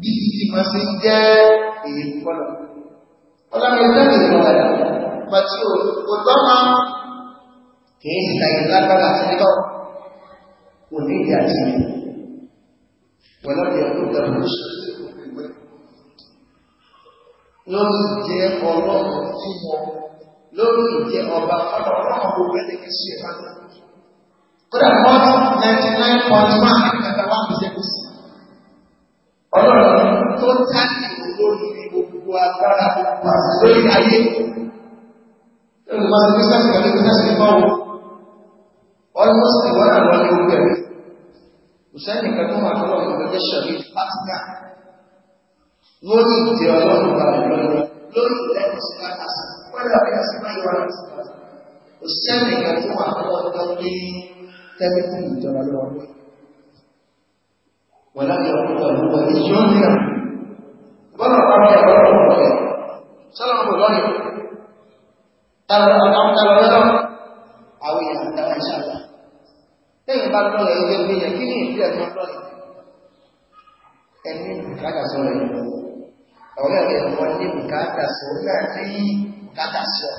Speaker 2: bí títí máa ṣe jẹ́ èyí kọ́lọ̀ ọlọ́run ẹgbẹ́ mi ló wà lọ́wọ́ bá o kò lọ́mà kìí ti ta ìlú lágbára àti nígbà kò ní ìdí àti ìlú wọ́n lọ́ọ́ lórí ìjẹ ọlọ́run fún wọn lórí ìjẹ ọba fọlọ́ ọlọ́run gbogbo ẹni
Speaker 1: kì í ṣe ìfàdé. kódà pọ́ọ̀tù ninety nine point one kẹta one percent
Speaker 2: ọlọ́run tó táàkì olórí gbogbo agbára gbogbo àti lórí ayé. lórí
Speaker 1: ìwádìí bísíǹsì pẹ̀lú bísíǹsì bọ́ọ̀lù
Speaker 2: almost ìwádìí àwọn ọmọ ẹgbẹ́ rẹ̀ kò sẹ́yìn nìkan tó máa tọ́lọ̀ ìgbẹ́jẹ́ ṣẹ̀rí láti náà lórí ìdí ọlọ́run balẹ̀ lọ́wọ́ lórí ìlẹ́kùn sí látàsí pẹ́lú ọ̀rẹ́ sí máa yọ láti látàsí. òṣìṣẹ́ nìkan tó wà lọ́wọ́ tó ń gbé kẹ́míkù ìjọba
Speaker 1: lọ́wọ́. wọ́n láti ọkùnrin ọ̀rọ̀ lọ́wọ́ èyí ó
Speaker 2: ní àná. gbọ́dọ̀ pàmò ẹ̀rọ ọ̀rọ̀ rẹ̀ sọ́dọ̀ kò lọ́yẹ̀. tàbí
Speaker 1: àwọn tàbí lọ́wọ́
Speaker 2: àwọn èèyàn dára ìṣàlá. lẹ́yìn bá lọ́ọ̀rẹ̀ ẹgbẹ́ mi yẹn kí ni ìdí ẹ̀ àwọn ẹ̀rọ wọn ní bùkátà sí òun náà ní bùkátà sí ọ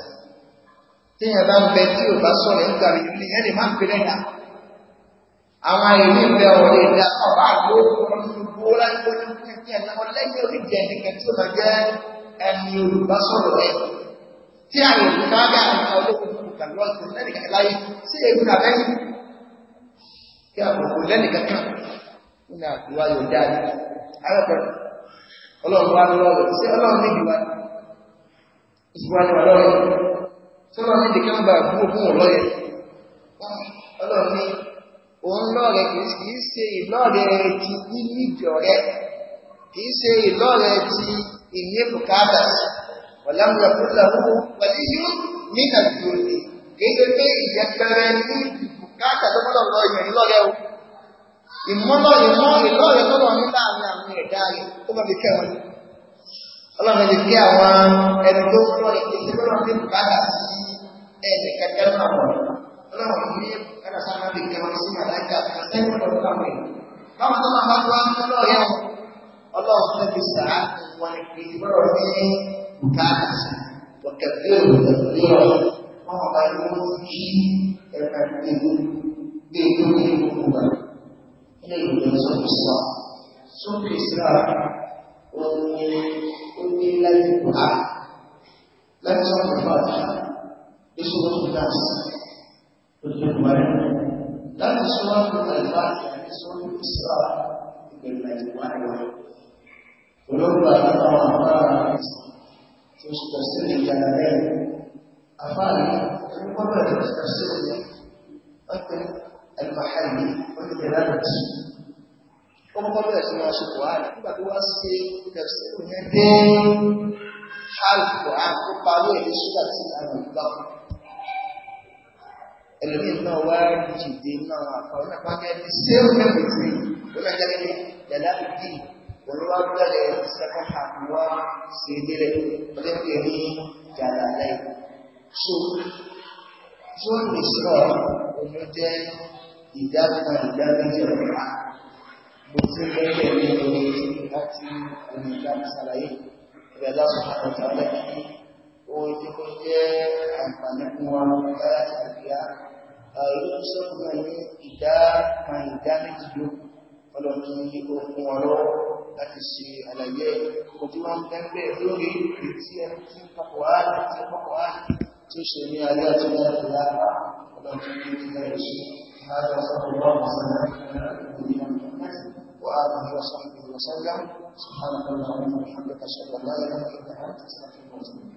Speaker 2: téèyàn bá ń bẹ tí ò bá sọ̀rọ̀ ẹ̀ ń gbà mí ní ẹni má pè lẹ́dà àwọn ìlú ìbẹ̀ ọ̀rẹ́ ìdá ọba àgbo olùgbò láti olùkíkí ẹ̀ náà lẹ́yìn oríjẹ nìkan tí ó máa jẹ́ ẹni olùbásọ̀rọ̀ rẹ̀ tí àwọn olùkágà àwọn olókùnkùn pẹ̀lú ọ̀sẹ̀ lẹ́nìkan láyé sí ọlọ́run wá lọ́rọ̀ sí ọlọ́run ní ìwà ìṣùgbọ́n ni ọlọ́run
Speaker 1: tí ọlọ́run ní ìdíkẹ́ ń gba àbúrò fún ọlọ́yẹ
Speaker 2: ọlọ́run ní òun lọ́rẹ̀ kìí ṣe ìlọ́rẹ̀ ti nílìjọ̀rẹ́ kìí ṣe ìlọ́rẹ̀ ti ìníbùkátà ọ̀làmúlẹ̀ fúnlẹ̀ owó pẹ̀lú yóò ní àjòyè kéde pé ìyẹpẹrẹ ní ìbùkátà lọ́pọ̀lọpọ̀ ìyẹn lọ́rẹ̀ o
Speaker 1: ìmọ́lọ́ ìmọ́ ìlọ́ ìyọ́tọ́lọ́ ní
Speaker 2: láàrin àwọn ẹ̀dá rẹ̀ ó bá fi kẹ́ wọn ni
Speaker 1: ọlọ́run ti kẹ́ àwọn ẹni tó fọ́
Speaker 2: ìpèsè lọ́rọ̀ ní bùkátà sí ẹ̀ẹ́dẹ̀ kẹ́kẹ́ náà wọ̀ ọlọ́run ní kẹ́kẹ́ sáà fi kẹ́ wọn sí màláìka
Speaker 1: sẹ́yìn lọ́dọ̀ káwọn ẹ̀ báwọn tó máa bá tó wá ń lọ́ yẹn ọlọ́run fẹ́ fi sàá wọn ìpèsè lọ́rọ̀ ní bùkátà sí ọ̀kẹ́fẹ́
Speaker 2: òwúrọ̀ wọn ilé ìjọsọ ìsọ sókè ìsìlá wọn ni ó ní láti wà láti sọ fún fàájì
Speaker 1: èso tó fi dáa sí lójú ìwà rẹ
Speaker 2: láti sọ wá fún àìbá àti sọ fún ìsìlá ìgbẹ̀rẹ̀ láti wà rẹ olóògbé àtàwọn àbára tó ṣe tẹ̀sí ní ìyára rẹ àfáàrí ẹni gbọ́dọ̀ tẹ̀sí ní ọ̀tẹ̀ المحلي والدلالتي wọ́n kọ́ bẹ̀rẹ̀ sí máa ṣe kòhán nígbà tó wá sí tẹ̀síkò yẹn dé ṣáàlù kòhán tó parí èyí ṣúgbà tí àwọn ìgbà fún ẹlòmíì náà wá jìde náà àkàwọn náà pàkẹ́ ní sẹ́wọ̀n mẹ́wẹ̀ẹ́sì ó náà jáde ní olúwa bẹ̀rẹ̀ sẹ́kọ̀ àkùwá sí ìdílé ọdẹ́gbẹ̀ ní jàdá so tí wọ́n òun jẹ́ ìdá kan ìdá méjì ọ̀pá mo ti ń lẹ́kẹ̀ẹ́ ní orí láti ọ̀nà ìdáhùn ṣàlàyé ìgbàdá sọ̀rọ̀ tààlà kí ó ti kó jẹ́ àǹfààní fún wa lára ìgbàgbéyà ìlú sọ̀rọ̀ náà ní ìdá kan ìdá méjì ló ọlọ́run ní ó fún wa lọ́wọ́ láti ṣe àlàyé kò tí wọ́n ń bẹ́ẹ̀ ìdá هذا صلى الله وسلم على نبينا محمد
Speaker 1: وآله وصحبه وسلم سبحانك اللهم وبحمدك أشهد أن لا إله إلا أنت أستغفرك